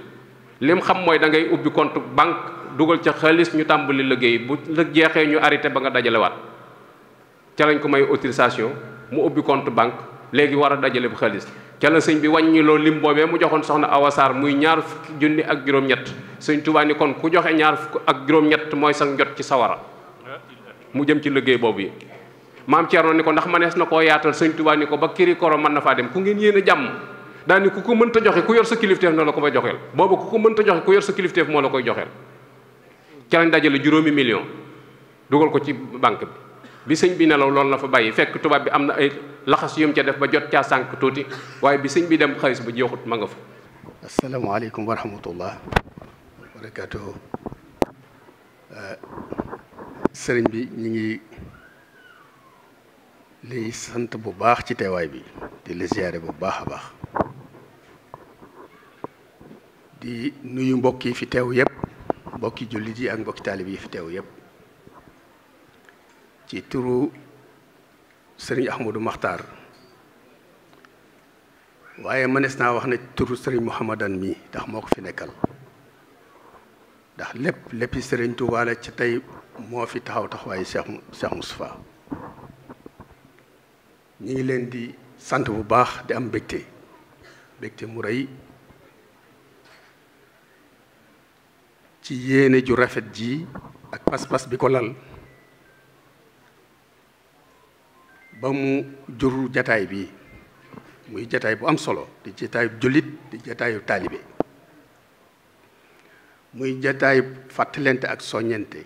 lim xam mooy da ngay ubbi compte banque dugal ca xaalis ñu tàmbali liggéey bu la jeexee ñu arrêté ba nga dajale waat ca lañ ko may autorisation mu ubbi compte banque léegi war a dajale bu xaalis ca la sëñ bi wàññi loo lim boobee mu joxoon soxna Awa Sarr muy ñaar fukki ak juróom-ñett sëñ Tuubaa kon ku joxe ñaar fukk ak juróom mooy sa njot ci sawara mu jëm ci liggéey boobu yi maam Thierno ni ko ndax manees na koo yaatal sëñ Tuubaa ni ko ba kiri koro mën na faa dem ku ngeen yéene jàmm daani ku ko mënta joxe ku yor sa kilifteef na la ko ba joxeel boobu ko mënta joxe ku yor sa kilifteef moo la koy joxeel ca lañ dajale juróomi million dugal ko ci banque bi bi sëñ bi nelaw loolu la fa bàyyi fekk tubaab bi am na ay laxas yum ca def ba jot caa sànq tuuti waaye bi sëñ bi dem xaalis ba jeexut ma nga fa asalaamaaleykum wa rahmatullah barakaatuhu sëriñ bi ñu ngi lay sant bu baax ci teewaay bi di la bu baax a baax di nuyu mbokk yi fi teew yépp mbokki jullit yi ak mbokki taalib yi fi teew yépp ci turu sëriñ Ahmadou Maxtaar waaye mënees naa wax ne turu sëriñ Mouhamadan mi ndax moo ko fi nekkal ndax lépp léppi sëriñ Tuubaa la ci tey moo fi taxaw taxawaayu Cheikh Cheikh Moustapha ñu ngi leen di sant bu baax di am mbégte mbégte mu rëy ci yéene ju rafet ji ak pas-pas bi ko lal ba mu jur jataay bi muy jataay bu am solo di jataayu jullit di jataayu taalibe muy jataayu fàttalente ak soññente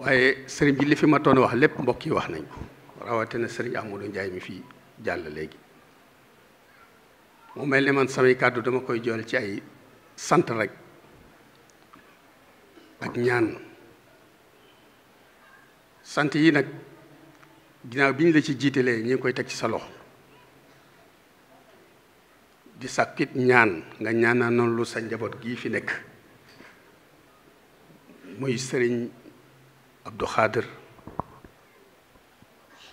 waaye sëriñ bi li fi ma toon wax lépp mbokk yi wax nañ ko rawatina sëriñ Amadou njaay mi fi jàll léegi mu mel ne samay kàddu dama koy jool ci ay sant rek ak ñaan sant yi nag ginnaaw bi ñu la ci jiitalee ñu ngi koy teg ci sa loxo di sàkkit ñaan nga ñaanaa noonu lu sa njaboot gi fi nekk muy sëriñ Abdou Khader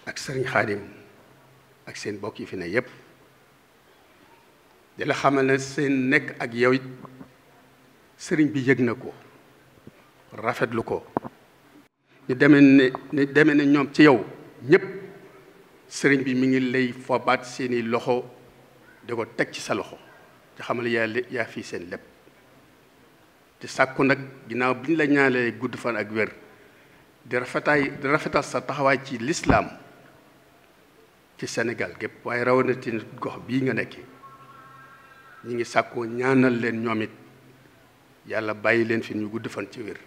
ak Serigne Khadim ak seen bokk yi fi na yépp di la xamal ne seen nekk ak yow it sëriñ bi yëg na ko rafetlu ko ñu demee ne ñu demee ne ñoom ci yow ñépp sëriñ bi mi ngi lay fobaat seeni loxo di ko teg ci sa loxo di xamal yaa yaa fii seen lépp te sàkku nag ginnaaw bi ñu la ñaanalee gudd fan ak wér di rafetaay rafetal sa taxawaay ci lislaam ci senegal gépp waaye rawatina gox bii nga nekk ñi ngi sàkkoo ñaanal leen ñoom it yàlla bàyyi leen fi ñu gudd fan ci wér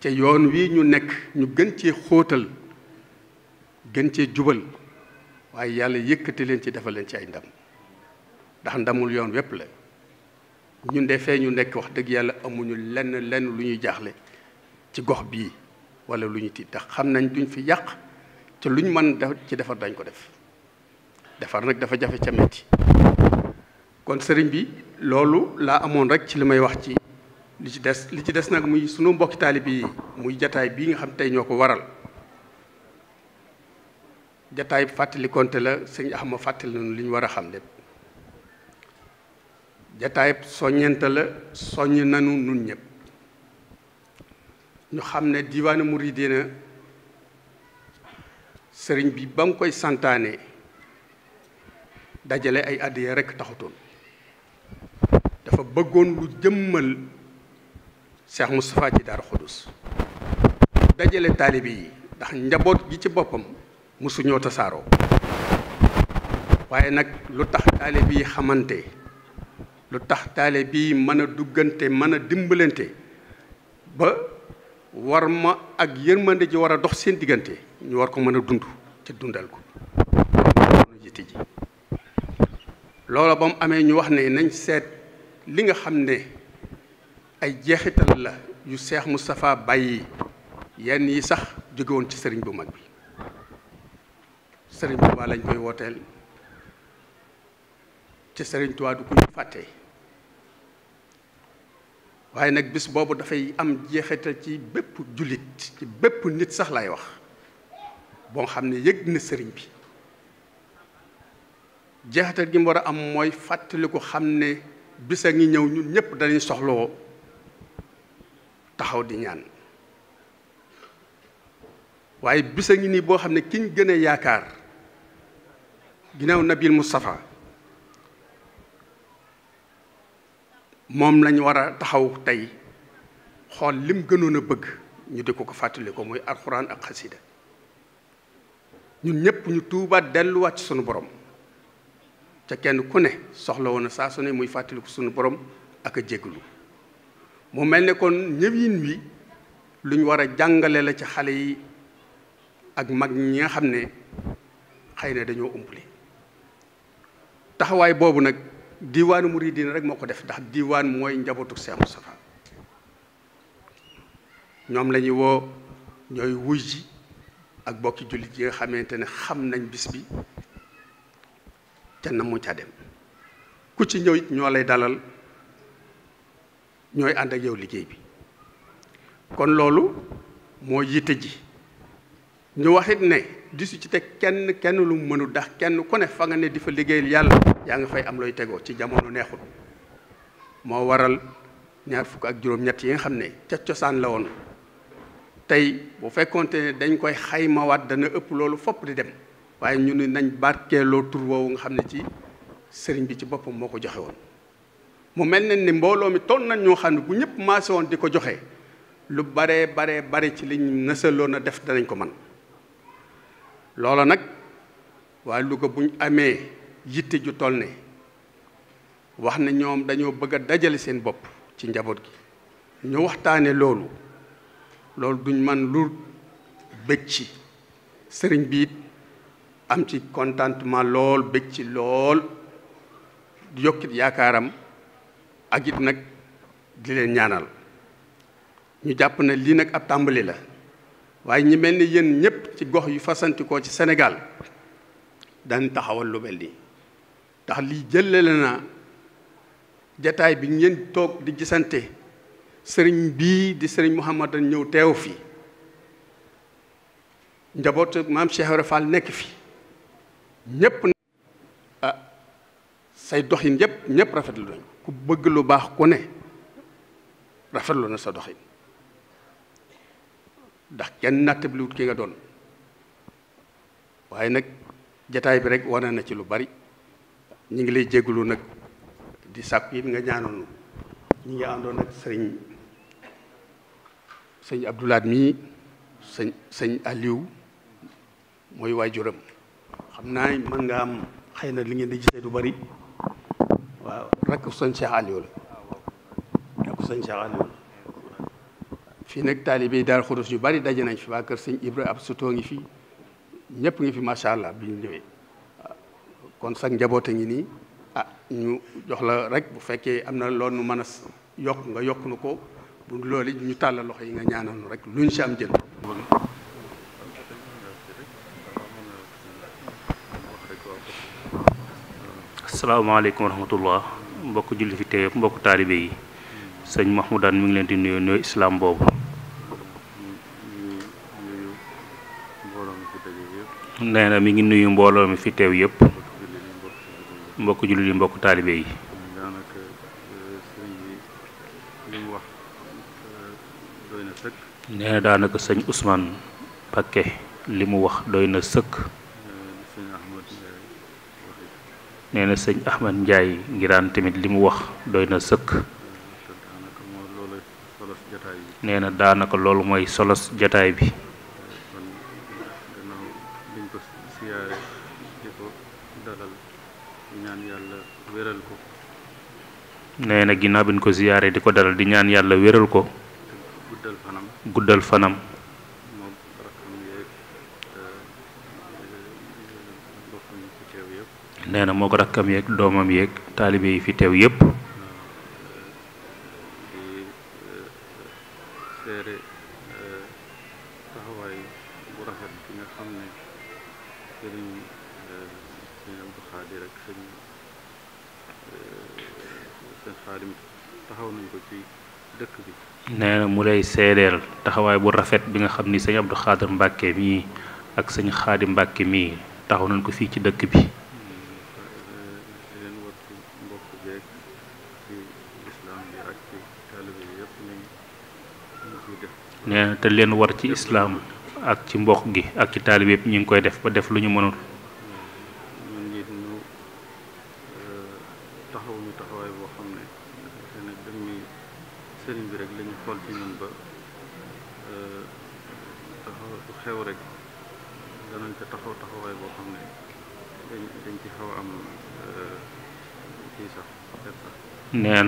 te yoon wi ñu nekk ñu gën ci xóotal gën cee jubal waaye yàlla yëkkati leen ci defal leen ci ay ndam ndax ndamul yoon wépp la ñun de fee ñu nekk wax dëgg yàlla amuñu lenn lenn lu ñuy jaaxle ci gox bii wala lu ñu tiit tax xam nañ duñ fi yàq te luñ mën def ci defar dañ ko def defar nag dafa jafe ca metti kon sëriñ bi loolu laa amoon rek ci li may wax ci li ci des li ci des nag muy sunu mbokki taalibe yi muy jataay bii nga xam tey ñoo ko waral jataay fàttali konte la sëñ Axma fàttali nañu li ñu war a xam lépp jataay soññente la soññ nanu nun ñëpp ñu xam ne diwaanu muridina sëriñ bi ba mu koy santaane dajale ay àddiya rekk taxutoon dafa bëggoon lu jëmmal Cheikh Moustapha ci Daaru Xudus dajale taalibe yi ndax njaboot gi ci boppam mosu ñoo tasaaroo waaye nag lu tax taalibe yi xamante lu tax taalibe yi mën a duggante mën a dimbalante ba war ma ak yërmande ji war a dox seen diggante ñu war ko mën a dund ci dundal ko jiite ji loola ba mu amee ñu wax ne nañ seet li nga xam ne ay jeexital la yu seex Moustapha bàyyi yenn yi sax jóge ci sëriñ bu mag bi sëriñ Tuubaa lañ koy wooteel ci sëriñ Tuubaa du ko ñu fàtte waaye nag bis boobu dafay am jeexital ci bépp jullit ci bépp nit sax laay wax boo xam ne yëg na sëriñ bi jeexital gi mu war a am mooy fàttaliku xam ne bis a ngi ñëw ñun ñëpp dañuy soxloo taxaw di ñaan waaye bis a ngi nii boo xam ne kiñ gën a yaakaar ginnaaw Nabil mustafa moom lañu war a taxaw tey xool lim gënoon a bëgg ñu di ko ko fàttali ko muy alxuraan ak xasida ñun ñëpp ñu tuubaat delluwaat ci sunu borom ca kenn ku ne soxla woon na saa su ne muy fàttaliku sunu borom ak a jéglu mu mel ne kon ñëwin wi luñ war a jàngale la ci xale yi ak mag ñi nga xam ne xëy na dañoo umpale taxawaay boobu nag diwaanu diiwaanu muridin rek moo ko def ndax diwaan mooy njabootu Cheikh Moustapha ñoom la ñuy woo ñooy wuy ji ak bokki jullit yi nga xamante ne xam nañ bis bi ca na mu ca dem ku ci ñëw it ñoo lay dalal ñooy ànd ak yow liggéey bi kon loolu moo yitte ji ñu waxit ne di su ci teg kenn kenn lu mu mënul ndax kenn ku ne fa nga ne di fa liggéeyal yàlla yaa nga fay am looy tegoo ci jamono neexul moo waral ñaar fukk ak juróom-ñett yi nga xam ne ca cosaan la woon tey bu fekkonte dañ koy xayma xaymawaat dana ëpp loolu fopp di dem waaye ñu ne nañ barkeeloo tur woowu nga xam ne ci sëriñ bi ci boppam moo ko joxe woon. mu mel ne ni mbooloo mi toll nañ ñu xam ne bu ñëpp maase woon di ko joxe lu baree baree bare ci liñ nësaloon a def danañ ko man loola nag waa Louga buñ amee yitte ju toll ne wax na ñoom dañoo bëgg a dajale seen bopp ci njaboot gi ñu waxtaane loolu loolu duñ man lu bëgg ci sëriñ biit am ci contentement lool bëgg ci lool yokkit yaakaaram ak it nag di leen ñaanal ñu jàpp na lii nag ab tàmbali la waaye ñi mel ni yéen ñëpp ci gox yu fasantikoo ci Sénégal dañ taxawal lu mel nii ndax lii jëlale na jataay bi ngeen toog di jisante sëriñ bii di sëriñ Mouhamadan ñëw teew fii njabootu maam Cheikh Ibra Fall nekk fi ñëpp ah say doxin yëpp ñëpp rafetlu nañu ku bëgg lu baax ku ne rafetlu na sa doxin ndax kenn nattabliwut ki nga doon waaye nag jataay bi rek wane na ci lu bari ñu ngi lay jégalu nag di sàkk yi nga ñaanoonu ñi ngi àndoon ak sëriñ sëñ Abdoulaat mii sëñ sëñ Aliou mooy waajuram xam naa mën nga am xëy na li ngeen di gisee du bari waaw rakk sëñ Cheikh Aliou la rakk sëñ fii nag taalibe yi daal xurus yu bari daje nañ fi waa kër sëñ Ibra ab sutoo ngi fi ñëpp ngi fi macha allah bi ñu ñëwee kon sax njaboot a ngi nii ah ñu jox la rek bu fekkee am na loolu nu mën a yokk nga yokk nu ko bu loolu ñu tàllal loxo yi nga ñaanal nu rek luñ si am jël. asalaamaaleykum wa mbokk julli fi teew sëñ Mahmoudane mi ngi leen di nuyu nuyu islam boobu. nee mi ngi nuyu mbooloo mi fi teew yëpp. mbokk jullit yi mbokk taalibe yi. nee na daanaka sëñ usmaan Pakke li mu wax doy na sëkk. nee na sëñ Ahmad Ndiaye ngiraan tamit li mu wax doy na sëkk. nee na daanaka loolu mooy solo jataay bi nee na ginnaaw biñ ko ziyaare di ko dalal di ñaan yàlla wéral ko guddal fanam nee na moo ko rakkam yeeg doomam yeeg taalibe yi fi teew yépp lay taxawaay bu rafet bi nga xam ni sëñ Abdou Khader Mbacke mii ak sëñ Xaadi Mbacke mii taxaw nañ ko fii ci dëkk bi. nee te leen war ci islaam ak ci mbokk gi ak ci taalibe yëpp ñu ngi koy def ba def lu ñu mënul.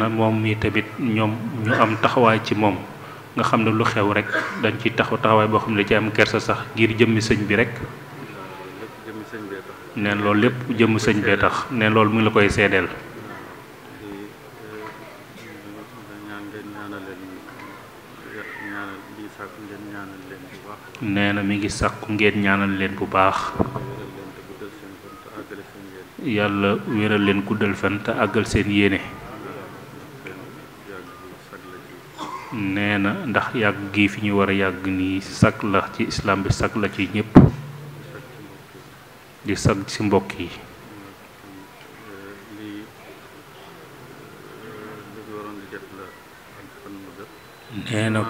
na mi tamit ñoom taxawaay ci moom nga xam ne lu xew rek dañ ci taxaw taxawaay boo xam ne ci am kersa sax ngir jëmmi sëñ bi rek neen loolu lépp jëmm sëñ bee tax neen loolu mu ngi la koy seedeel nee na mi ngi sàkku ngeen ñaanal leen bu baax yàlla wéral leen guddal fan te àggal seen yéene ndax yàgg gi fi ñu war a yàgg nii sag la ci islam bi sag la ci ñépp di sag ci mbokk yi nee na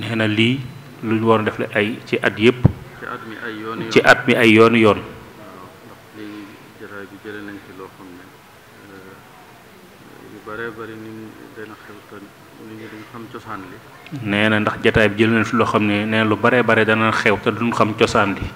nee na lii lu ñu waroon def la ay ci at yëpp ci at mi ay yoon yoon ndax jataay bi jël nañ fi loo xam ne neen lu bare bare dana xew te duñ xam cosaan li